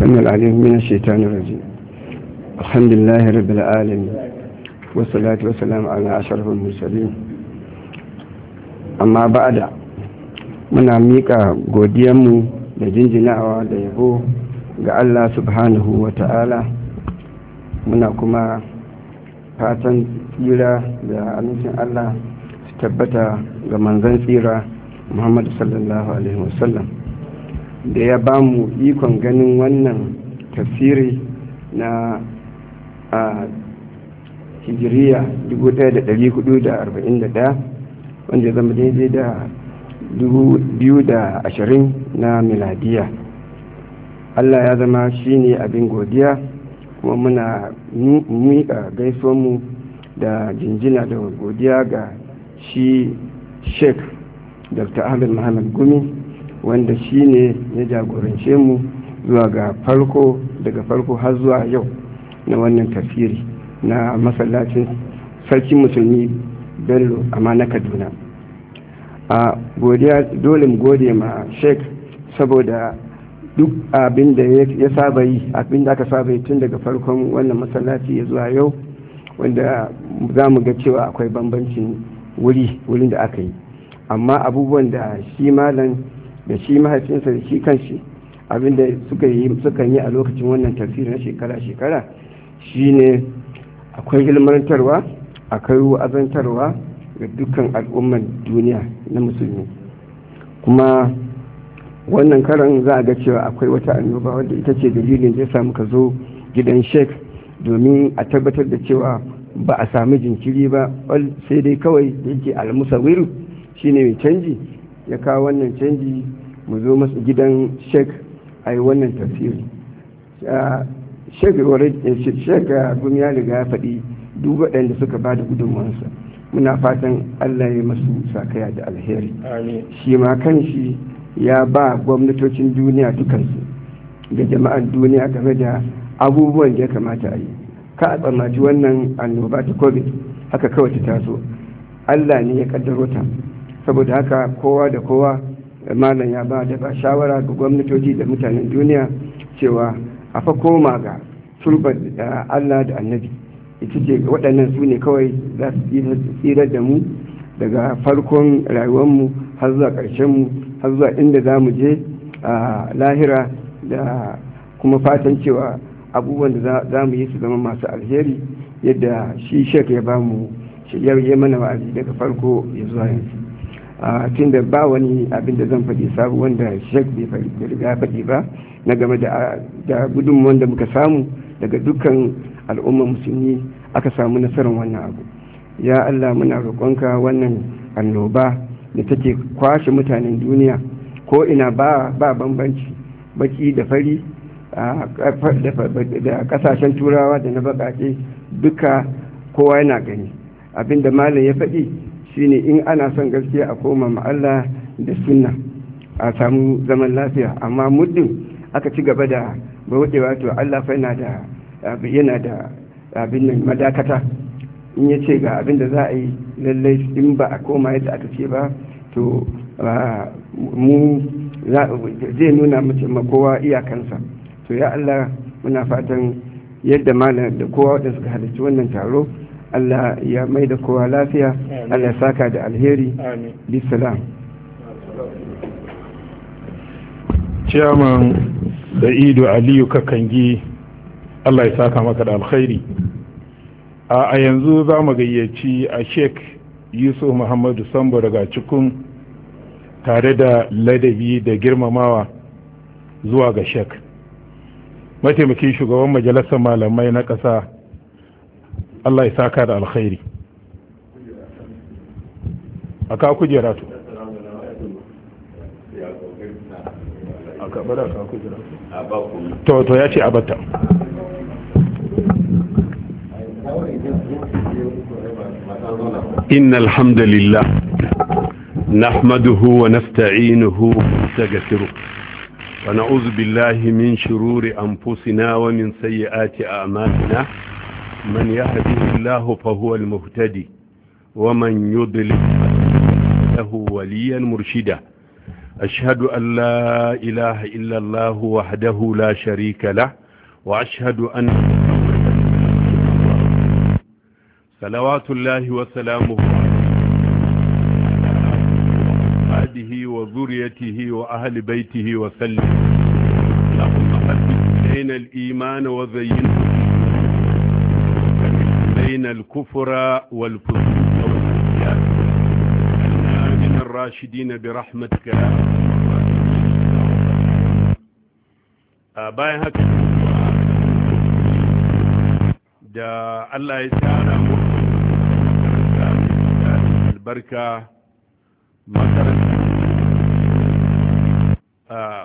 السميع العليم من الشيطان الرجيم الحمد لله رب العالمين والصلاة والسلام على أشرف amma ba da muna miƙa godiyanmu da jinjinawa da yabo ga Allah subhanahu wa ta'ala muna kuma fatan tsira da amincin Allah su tabbata ga manzan tsira Muhammadu sallallahu Alaihi da ya ba mu ikon ganin wannan tafsiri na a hijiriya 1441 wanda zama daidai da 2020 na miladiya allah ya zama shi ne abin godiya kuma muna miƙa mu da jinjina da godiya ga shi sheik dr ahmed muhammad gumi wanda shi ne ya jagorance mu zuwa ga farko daga farko har zuwa yau na wannan tafsiri na masallacin sarki musulmi bello amma na kaduna a godiya dole mu gode ma sheik saboda duk abin da ya saba yi abin da aka saba yi tun daga farkon wannan masallaci ya zuwa yau wanda za mu ga cewa akwai bambancin wuri wurin da aka yi amma abubuwan da shi malam da shi mahaifinsa da shi kanshi abinda suka yi suka yi a lokacin wannan tafsiri na shekara-shekara shine akwai ilmantarwa akwai wa'azantarwa ga dukkan al'ummar duniya na musulmi kuma wannan karan za a ga cewa akwai wata annoba wadda ita ce dalilin ya samu ka zo gidan shek, domin a tabbatar da cewa ba a sami jinkiri ba sai dai kawai da yake almusawiru shine mai canji ya kawo wannan canji mu zo masu gidan sheik a yi wannan tafsiri sheik eh, eh, gumi ya riga ya faɗi duk waɗanda suka ba da gudunmansa muna fatan allah ya masu sakaya da alheri shi ma kan ya ba gwamnatocin duniya dukansu da jama'an duniya game da abubuwan da ya kamata a yi ka a tsammaci wannan annoba ta covid haka kawai ta taso allah ne ya kaddaro ta saboda haka kowa da kowa malam ya ba da shawara ga gwamnatoci da mutanen duniya cewa a fa koma ga sulbar da Allah da annabi ita ce waɗannan su ne kawai za su tsira da mu daga farkon rayuwarmu har zuwa ƙarshenmu har zuwa inda za mu je a lahira da kuma fatan cewa abubuwan da za mu yi su zama masu alheri yadda shi shek ya ba mu shiryar yi, mana wa'azi daga farko ya zuwa yanzu a da ba wani abin da zan faɗi sabu wanda shek bai riga faɗi ba na game da gudun da muka samu daga dukkan al'ummar musulmi aka samu nasarar wannan abu ya allah muna roƙonka wannan annoba da take kwashe mutanen duniya ko ina ba bambanci baki da fari da kasashen turawa da na baƙaƙe duka kowa yana gani Abin da malam ya faɗi shine in ana son gaskiya a koma ma'alla Allah da sunna a samu zaman lafiya amma muddin aka ci gaba da bauɗewa to Allah fa yana da yana da abin nan madakata in ya ce ga abin da za a yi lallai in ba a koma yadda aka ce ba to mu zai nuna mace ma kowa iyakansa to ya Allah muna fatan yadda malam da kowa wadanda suka halarci wannan taro Allah ya mai da kowa lafiya Allah ya saka da alheri bisalam ciyaman da ido aliyu kakangi Allah ya saka maka da alkhairi a yanzu za mu gayyaci a sheik yusuf muhammadu sambo daga cikin tare da ladabi da girmamawa zuwa ga sheik mataimakin shugaban majalisar malamai na ƙasa Allah ya saka da alkhairi a ka kujera to to to ya ce abatta إن الحمد لله نحمده ونستعينه ونستغفره ونعوذ بالله من شرور أنفسنا ومن سيئات أعمالنا من يهده الله فهو المهتدي ومن يضلل له وليا مرشدا أشهد أن لا إله إلا الله وحده لا شريك له وأشهد أن صلوات الله وسلامه عليه وذريته وأهل بيته وسلم اللهم أهدنا الإيمان وزينه علينا الكفر والفسوق والعصيان اجعلنا من الراشدين برحمتك bayan haka da Allah ya tsara mu albarka makaranta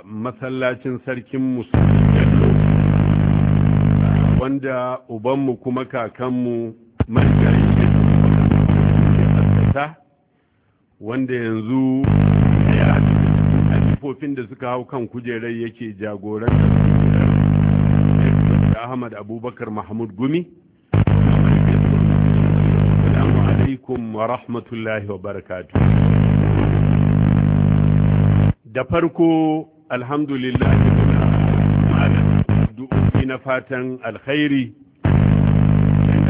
masallacin sarkin musulmi wanda ubanmu kuma kakanmu marigayi ne wanda yanzu ya alifofin da suka hau kan kujerai yake jagoran da ahmad abubakar mahmud gumi assalamu alaikum wa rahmatullahi wa barakatu da farko alhamdulillah na fatan alkhairi yadda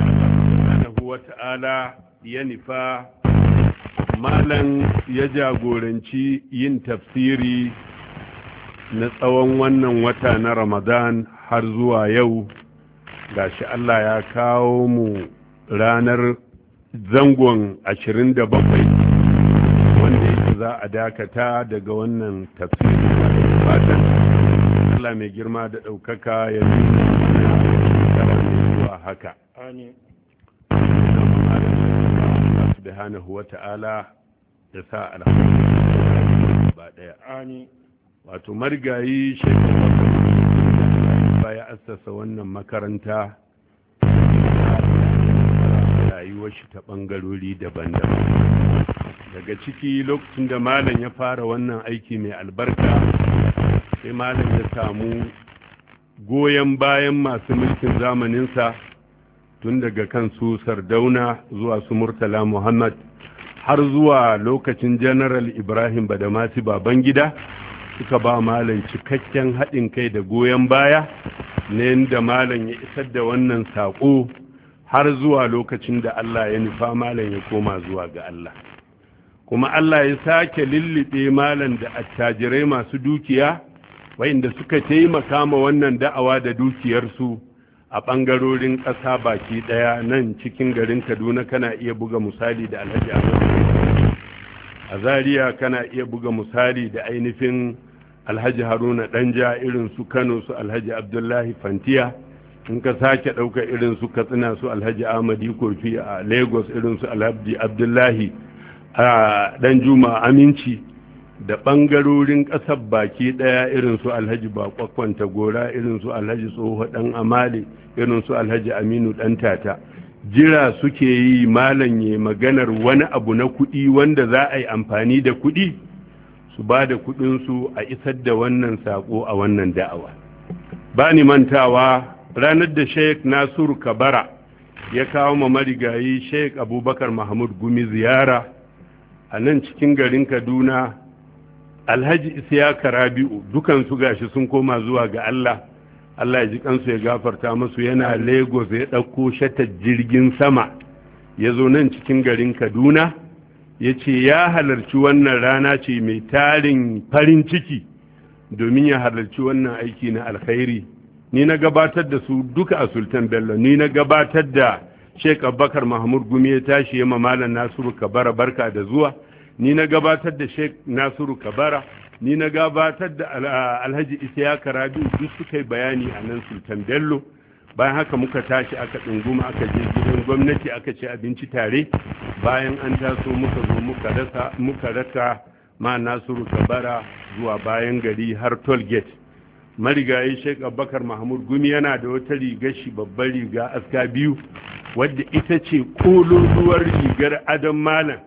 Allah wa ta'ala ya nifa malan ya jagoranci yin tafsiri na tsawon wannan wata na Ramadan har zuwa yau ga shi Allah ya kawo mu ranar zangon 27 wanda yake za a dakata daga wannan tafsirin fatan Allah mai girma da ɗaukaka ya zuwa haka. ya sa Wato marigayi shekaru baya assasa wannan makaranta rayuwar shi ta bangarori daban-daban. Daga ciki lokacin da malam ya fara wannan aiki mai albarka sai malam ya samu goyon bayan masu mulkin zamaninsa tun daga kan su sardauna zuwa su murtala muhammad har zuwa lokacin general ibrahim badamasi baban gida suka ba malam cikakken haɗin kai da goyon baya ne da malam ya isar da wannan saƙo har zuwa lokacin da allah ya nufa malam ya koma zuwa ga allah kuma allah ya sake lullube malam da attajirai masu dukiya waɗanda suka taimaka ma wannan da'awa da dukiyarsu a ɓangarorin ƙasa baki ɗaya nan cikin garin kaduna kana iya buga misali da alhaji a zaria kana iya buga misali da ainihin alhaji haruna ɗanja irin su kano su alhaji abdullahi fantiya in ka sake ɗauka irin su katsina su alhaji ahmadi kofi a lagos irin su alhaji abdullahi a ɗan juma aminci da ɓangarorin ƙasar baki ɗaya irin su alhaji bakwakwanta gora irin su alhaji tsoho ɗan amali irin su alhaji aminu ɗan tata jira suke yi ya maganar wani abu na kuɗi wanda za a yi amfani da kuɗi su ba da kuɗinsu a isar da wannan saƙo a wannan da'awa ba ni mantawa ranar da sheik nasur kabara ya kawo ma marigayi sheik abubakar mahmud gumi ziyara a nan cikin garin kaduna alhaji isiyaka rabi'u dukansu gashi sun koma zuwa ga allah allah ya ji kansu ya gafarta masu yana lagos ya ɗauko shatar jirgin sama ya zo nan cikin garin kaduna ya ce ya halarci wannan rana ce mai tarin farin ciki domin ya halarci wannan aiki na alkhairi ni na gabatar da su duka a sultan bello ni na gabatar da sheik abubakar mahmud gumi ya tashi ya mamalan nasiru kabara barka da zuwa ni na gabatar da sheikh nasiru kabara ni na gabatar da ah, alhaji isiyaka rabiu duk suka yi bayani a nan sultan bello bayan haka muka tashi aka ɗunguma aka je gidan gwamnati aka ci abinci tare bayan an taso muka zo muka rasa muka raka ma nasiru kabara zuwa bayan gari har toll gate marigayi sheik abubakar mahmud gumi yana da wata riga shi babbar riga aska biyu wadda ita ce kololuwar rigar adam malam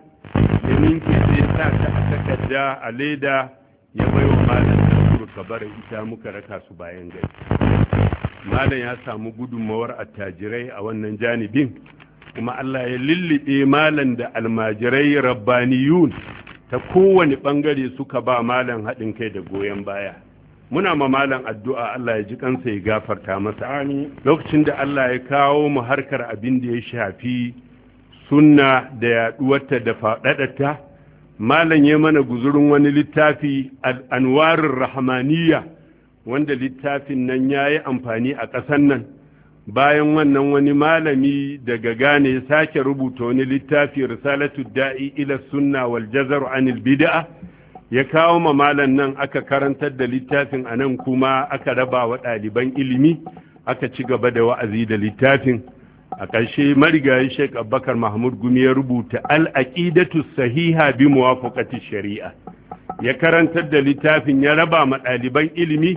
domin ninke sai sa ta a takarda a leda ya bai wa malam ka kabar ita muka raka su bayan gari malam ya samu gudunmawar attajirai a wannan janibin kuma Allah ya lullube malam da almajirai rabbaniyun ta kowane bangare suka ba malam haɗin kai da goyon baya muna ma malam addu'a Allah ya ji kansa ya gafarta masa lokacin da Allah ya kawo mu harkar abin da ya shafi sunna da yaduwarta da faɗaɗata malam ya mana guzurin wani littafi al'anwarin rahmaniyya wanda littafin nan ya yi amfani a ƙasan nan bayan wannan wani malami daga gane ya sake rubuta wani littafi risalatu da'i ila sunna wal jazar anil bid'a ya kawo ma malam nan aka karantar da littafin anan kuma aka raba wa ɗaliban ilimi aka ci gaba da wa'azi da littafin a ƙarshe marigayi sheik abubakar mahmud gumi ya rubuta al'aƙidatu sahiha bi muwafaqati shari'a ya karantar da littafin ya raba ma ɗaliban ilimi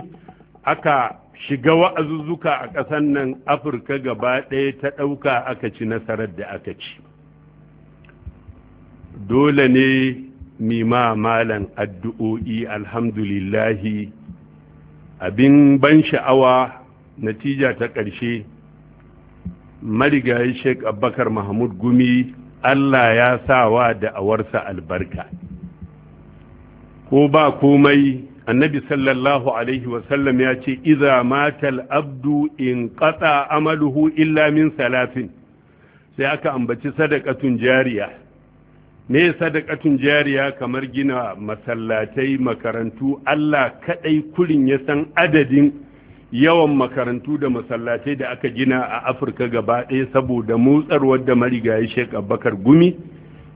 aka shiga wa'azuzzuka a ƙasar nan afirka gaba ɗaya ta ɗauka aka ci nasarar da aka ci dole ne mima malan addu'o'i alhamdulillahi abin ban sha'awa natija ta ƙarshe marigayi sheik abubakar mahmud gumi allah ya sa wa da'awarsa albarka ko ba komai annabi sallallahu alaihi wasallam ya ce iza matal abdu in qata amaluhu illa min salafin sai aka ambaci sadakatun jariya me sadakatun jariya kamar gina masallatai makarantu Allah kadai kurin ya san adadin yawan makarantu da masallatai da aka gina a afirka gaba ɗaya saboda motsar da marigayi sheik abubakar gumi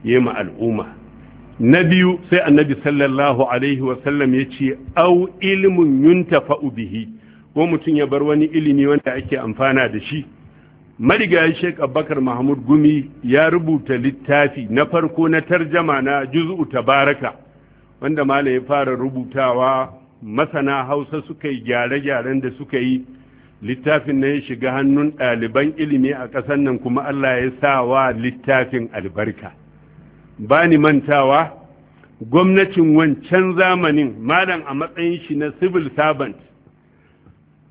ya ma al'umma na biyu sai annabi sallallahu alaihi wasallam ya ce au ilimin yunta bihi ko mutum ya bar wani ilimi wanda ake amfana da shi marigayi sheik abubakar mahmud gumi ya rubuta littafi na farko na tarjama na juz'u tabaraka wanda malam ya fara rubutawa masana hausa suka yi gyare-gyaren da suka yi littafin na ya shiga hannun ɗaliban ilimi a ƙasar nan kuma Allah ya sa wa littafin albarka ba ni mantawa gwamnatin wancan zamanin malam a matsayin shi na civil servant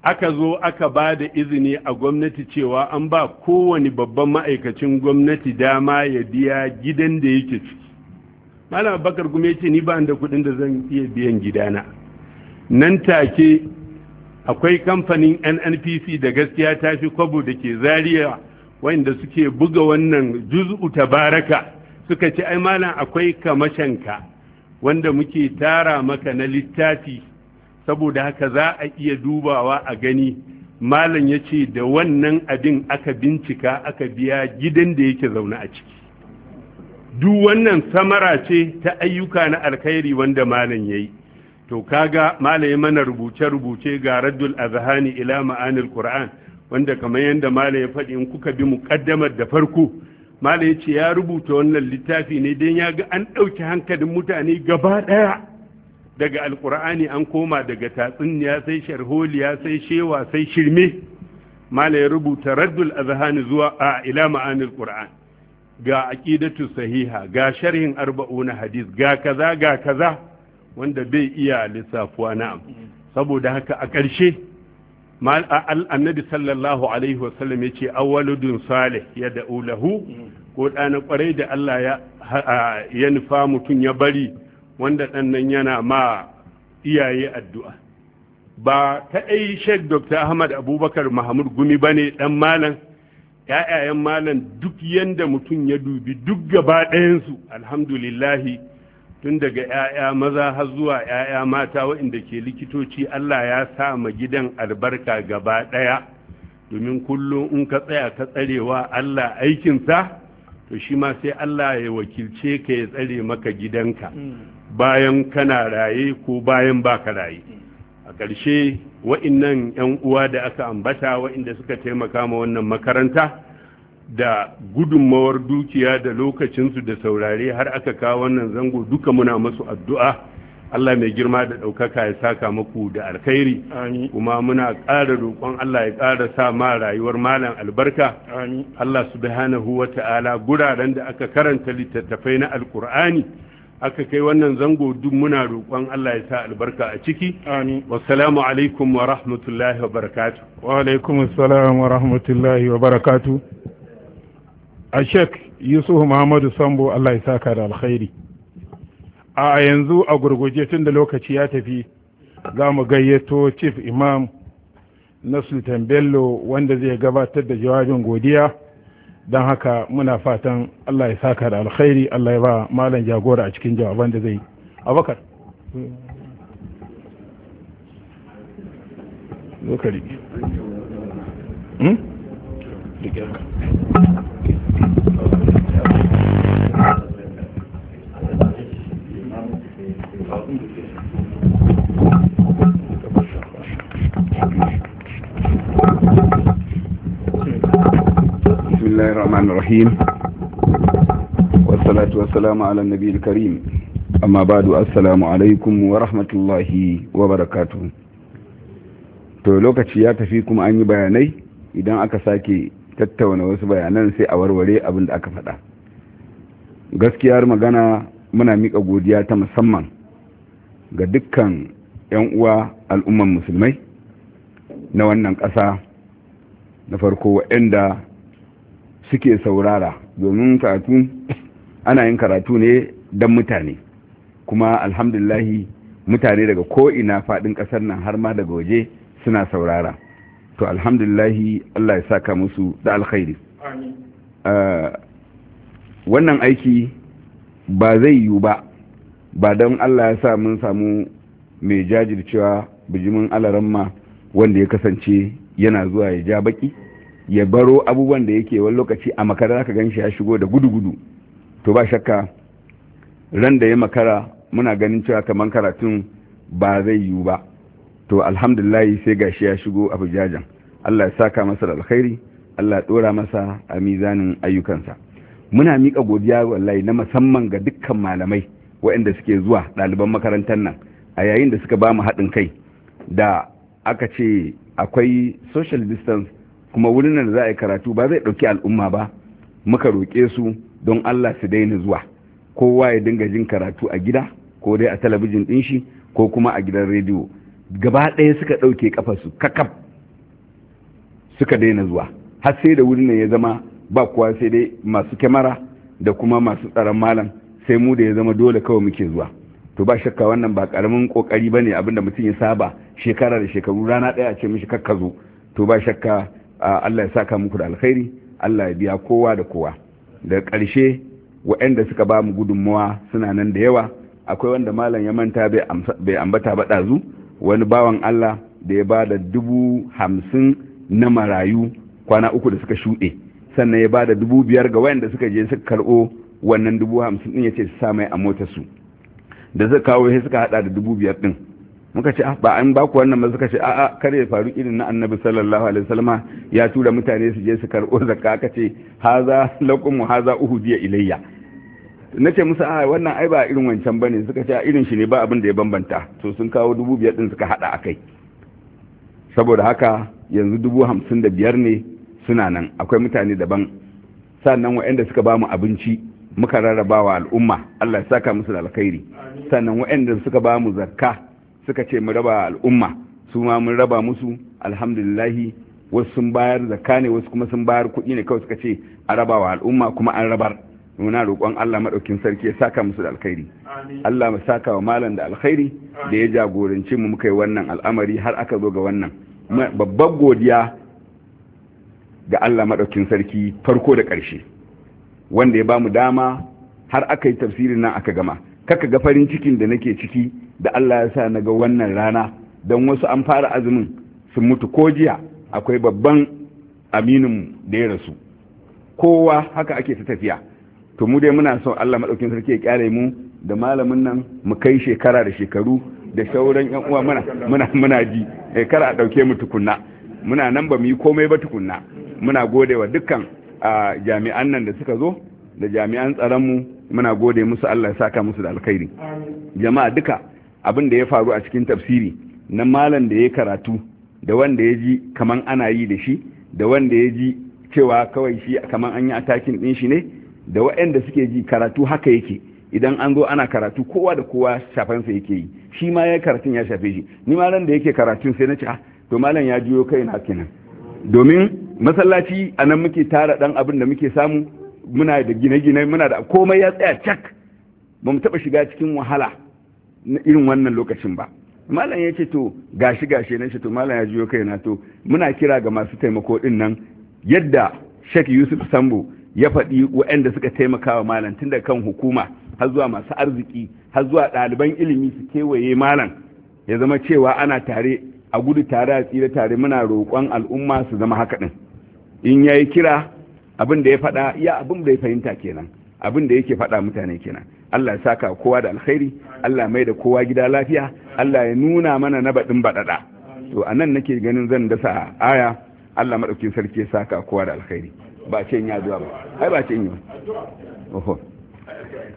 aka zo aka ba da izini a gwamnati cewa an ba kowane babban ma'aikacin gwamnati dama ya biya gidan da yake ciki malam abubakar kuma ya ce ni ba da kuɗin da zan iya biyan gidana nan take akwai kamfanin nnpc da gaskiya ta fi kwabo da ke zariya wanda suke buga wannan juz'u tabaraka suka ce ai malam akwai kamashanka wanda muke tara maka na littafi saboda haka za a iya dubawa a gani malam ya ce da wannan abin aka bincika aka biya gidan da yake zaune a ciki duk wannan samara ce ta ayyuka na alkhairi wanda malam ya yi to kaga malayi mana rubuce-rubuce ga raddul azhani ila ma'anil qur'an wanda kamar yadda ya faɗi in kuka bi muƙaddamar da farko malayi ce ya rubuta wannan littafi ne don ya ga an ɗauki hankalin mutane gaba ɗaya daga alƙur'ani an koma daga tatsuniya sai sharholi, ya sai shewa sai shirme malayi rubuta raddul azhani zuwa a ila ma'anil qur'an ga aqidatu sahiha ga sharhin arba'una hadis ga kaza ga kaza wanda bai iya lissafuwa na'am saboda haka a ƙarshe annabi sallallahu alaihi wasallam ya ce awwaludun salih ya da ulahu ko ɗana ƙwarai da Allah ya nufa mutum ya bari wanda ɗannan yana ma iyaye addu'a ba ta ɗai sheik dr ahmad abubakar mahmud gumi ba ne ɗan malam ‘ya'yayen malam duk yanda mutum ya dubi duk gaba ɗayansu alhamdulillahi tun daga 'ya'ya maza har zuwa 'ya'ya mata waɗanda ke likitoci Allah ya sa ma gidan albarka gaba ɗaya domin kullum in ka tsaya ka tsarewa Allah aikinsa to shi ma sai Allah ya wakilce ka ya tsare maka gidanka hmm. bayan kana raye ko bayan baka raye a ƙarshe wa'innan 'yan uwa da aka ambata waɗanda suka taimaka ma wannan makaranta da gudunmawar dukiya da lokacinsu da saurare har aka kawo wannan zango duka muna masu addu'a Allah mai girma da ɗaukaka ya saka muku da alkhairi kuma muna ƙara roƙon Allah ya ƙara sa ma rayuwar malam albarka Allah subhanahu wa ta'ala guraren da aka karanta littattafai na alkur'ani aka kai wannan zango duk muna roƙon Allah ya sa albarka a ciki wasalamu alaikum wa rahmatullahi wa barakatu. wa alaikum assalam wa rahmatullahi wa barakatu. a shek yusuf muhammadu sambo allah ya saka da alkhairi a yanzu a gurguje tun da lokaci ya tafi za mu gayyato chief imam na sultan bello wanda zai gabatar da jawabin godiya don haka muna fatan allah ya saka da alkhairi allah ya ba malam jagora a cikin jawaban da zai abakar الله الرحمن الرحيم والصلاة والسلام على النبي to lokaci ya tafi kuma an yi bayanai idan aka sake tattauna wasu bayanan sai a warware abin da aka faɗa gaskiyar magana muna miƙa godiya ta musamman ga dukkan 'yan uwa al'umman musulmai na wannan ƙasa na farko waɗanda suke saurara domin karatu ana yin karatu ne don mutane kuma alhamdulahi mutane daga ko'ina faɗin ƙasar nan har ma daga waje suna saurara to alhamdulahi Allah ya saka musu da alkhairi ah, wannan aiki ba zai yiwu ba ba don Allah ya sa mun samu mai jajircewa bijimin alaramma wanda ya kasance yana zuwa ya ja baki ya baro abubuwan da yake wani lokaci a makara ka gan shi ya shigo da gudu-gudu to ba shakka ran da ya makara muna ganin cewa kamar karatun ba zai yiwu ba to alhamdulillah sai ga shi ya shigo a bujajen Allah ya saka masa da alkhairi Allah ya dora masa a mizanin ayyukansa muna miƙa godiya wallahi na musamman ga dukkan malamai waɗanda suke zuwa ɗaliban makarantar nan a yayin da suka ba mu haɗin kai da aka ce akwai social distance kuma wurin nan za a yi karatu ba zai ɗauki al'umma ba muka roƙe su don Allah su daina zuwa kowa ya dinga jin karatu a gida ko dai a talabijin ɗin shi ko kuma a gidan rediyo gaba ɗaya suka ɗauke su kakaf suka daina zuwa har sai da wurin nan ya zama ba kuwa sai dai masu kyamara da kuma masu tsaron malam sai mu da ya zama dole kawai muke zuwa to ba shakka wannan ba karamin kokari bane abinda mutum ya saba shekara da shekaru rana ɗaya a ce mishi kakka zo to ba shakka Allah ya saka muku da alkhairi Allah ya biya kowa da kowa da ƙarshe waɗanda suka ba mu gudunmawa suna nan da yawa akwai wanda malam ya manta bai ambata ba ɗazu wani bawan Allah da ya ba da dubu hamsin na marayu kwana uku da suka shuɗe sannan ya ba da dubu biyar ga wayanda suka je suka karɓo wannan dubu hamsin ɗin ya ce su sa mai a motar su da suka kawo sai suka haɗa da dubu biyar ɗin muka ce ah, ba an ba ku wannan ba suka ce a'a kar ya faru irin na annabi sallallahu alaihi wasallama ya tura mutane su je su karɓo zakka aka ce haza lakum haza uhudiya ilayya nace musu a ah, wannan ai ba irin wancan bane suka ce irin shi ne ba abin da ya bambanta to sun kawo dubu biyar din suka hada akai saboda haka yanzu dubu hamsin da biyar ne suna nan akwai mutane daban sannan waɗanda suka ba mu abinci muka rarrabawa al'umma Allah ya saka musu da alkhairi sannan waɗanda suka ba mu zakka suka ce mu raba al'umma su ma mun raba musu alhamdulillahi wasu sun bayar zakka ne wasu kuma sun bayar kuɗi ne kawai suka ce a raba wa al'umma kuma an rabar muna roƙon Allah maɗaukin sarki ya saka musu da alkhairi Allah mu saka wa malam da alkhairi da ya jagoranci mu muka yi wannan al'amari har aka zo ga wannan babbar godiya ga Allah maɗaukin sarki farko da ƙarshe wanda ya bamu dama har aka yi tafsirin nan aka gama kaka ga farin cikin da nake ciki da Allah ya sa na ga wannan rana don wasu an fara azumin su mutu ko jiya akwai babban aminin da ya rasu kowa haka ake ta tafiya to mu dai muna son Allah madaukin sarki ya kyare mu da malamin nan mu kai shekara da shekaru da shauran yan uwa muna muna muna ji eh kar a dauke mu tukunna muna nan ba mu yi komai ba tukunna muna godewa dukkan jami'an nan da suka zo da jami'an tsaron mu muna gode musu Allah ya saka musu da alkhairi jama'a duka abin da ya faru a cikin tafsiri na malam da ya karatu da wanda ya ji kaman ana yi da shi da wanda ya ji cewa kawai shi kaman an yi atakin din shi ne da waɗanda suke ji karatu haka yake idan an zo ana karatu kowa da kowa shafansa yake yi shi ma ya karatun ya shafe shi ni malam da yake karatun sai na ce ah, to malam ya juyo kai na kenan domin masallaci anan nan muke tara dan abin da muke samu muna da gine-gine muna da komai ya tsaya cak ba mu taɓa shiga cikin wahala irin wannan lokacin ba malam ya ce to gashi gashi nan ce to malam ya jiyo kai na to muna kira ga masu taimako din nan yadda Sheikh Yusuf Sambo ya faɗi waɗanda suka taimaka wa malam tun da kan hukuma har zuwa masu arziki har zuwa ɗaliban ilimi su kewaye malam ya zama cewa ana tare a gudu tare a tsira tare muna roƙon al'umma su zama haka ɗin in yayi kira abin da ya faɗa ya abin da ya fahimta kenan abin da yake faɗa mutane kenan Allah ya saka kowa da alkhairi Allah mai da kowa gida lafiya Allah ya nuna mana na baɗin baɗaɗa to a nan nake ganin zan dasa aya Allah maɗaukin sarki ya saka kowa da alkhairi ba ce ya zuwa ba ai ba ce yi oho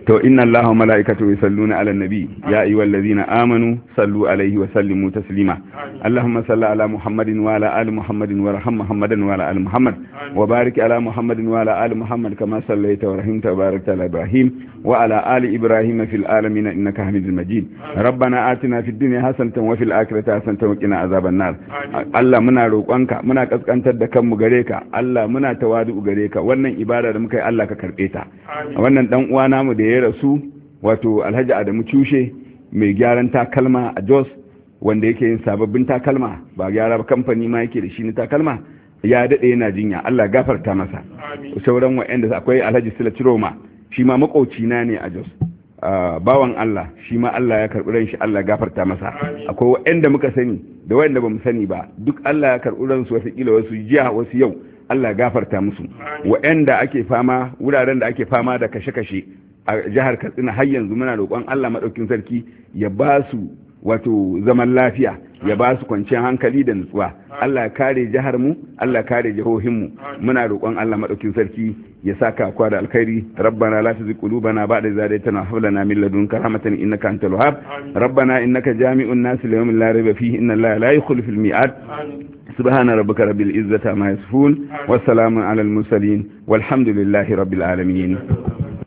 to inna allaha malaikatu yusalluna ala nabi ya ayyuhallazina amanu sallu alaihi wa sallimu taslima allahumma salli ala muhammadin wa ala ali muhammadin wa rahma muhammadan wa ala ali muhammad wa barik ala muhammadin wa ala ali muhammad kama sallaita wa rahimta wa barakta ala ibrahim وعلى آل إبراهيم في العالمين إنك حميد مجيد ربنا آتنا في الدنيا حسنة وفي الآخرة حسنة وقنا عذاب النار الله منا روƙonka muna kaskantar da kanmu gare ka Allah muna tawadu gare gareka. wannan ibada da muka yi Allah ka karbe ta wannan dan uwa namu da ya rasu wato Alhaji Adamu Cushe mai gyaran takalma a Jos wanda yake yin sababbin takalma ba gyara ba kamfani ma yake da shi na takalma ya daɗe yana jinya Allah gafarta masa sauran wa'anda akwai Alhaji Sila shi ma na ne a jos bawan Allah shi ma Allah ya karɓi ran shi Allah gafarta masa akwai waɗanda muka sani da ba mu sani ba duk Allah ya karɓi ran su wasu kila wasu jiya wasu yau Allah gafarta musu waɗanda ake fama wuraren da ake fama da kashe-kashe a jihar Katsina har yanzu muna roƙon Allah madaukin sarki ya ba su wato zaman lafiya ya ba su kwanciyar hankali da nutsuwa Allah kare jihar mu Allah kare jihohin mu muna roƙon Allah maɗaukin sarki ya saka kwa da alkhairi rabbana la tuzigh qulubana ba'da idh hadaytana wa hab lana min ladunka rahmatan innaka antal wahhab rabbana innaka jami'un nas li yawmin la rayba fihi inna allaha la yukhlifu al mi'ad subhana rabbika rabbil izzati amma yasifun wa salamun alal mursalin walhamdulillahi rabbil alamin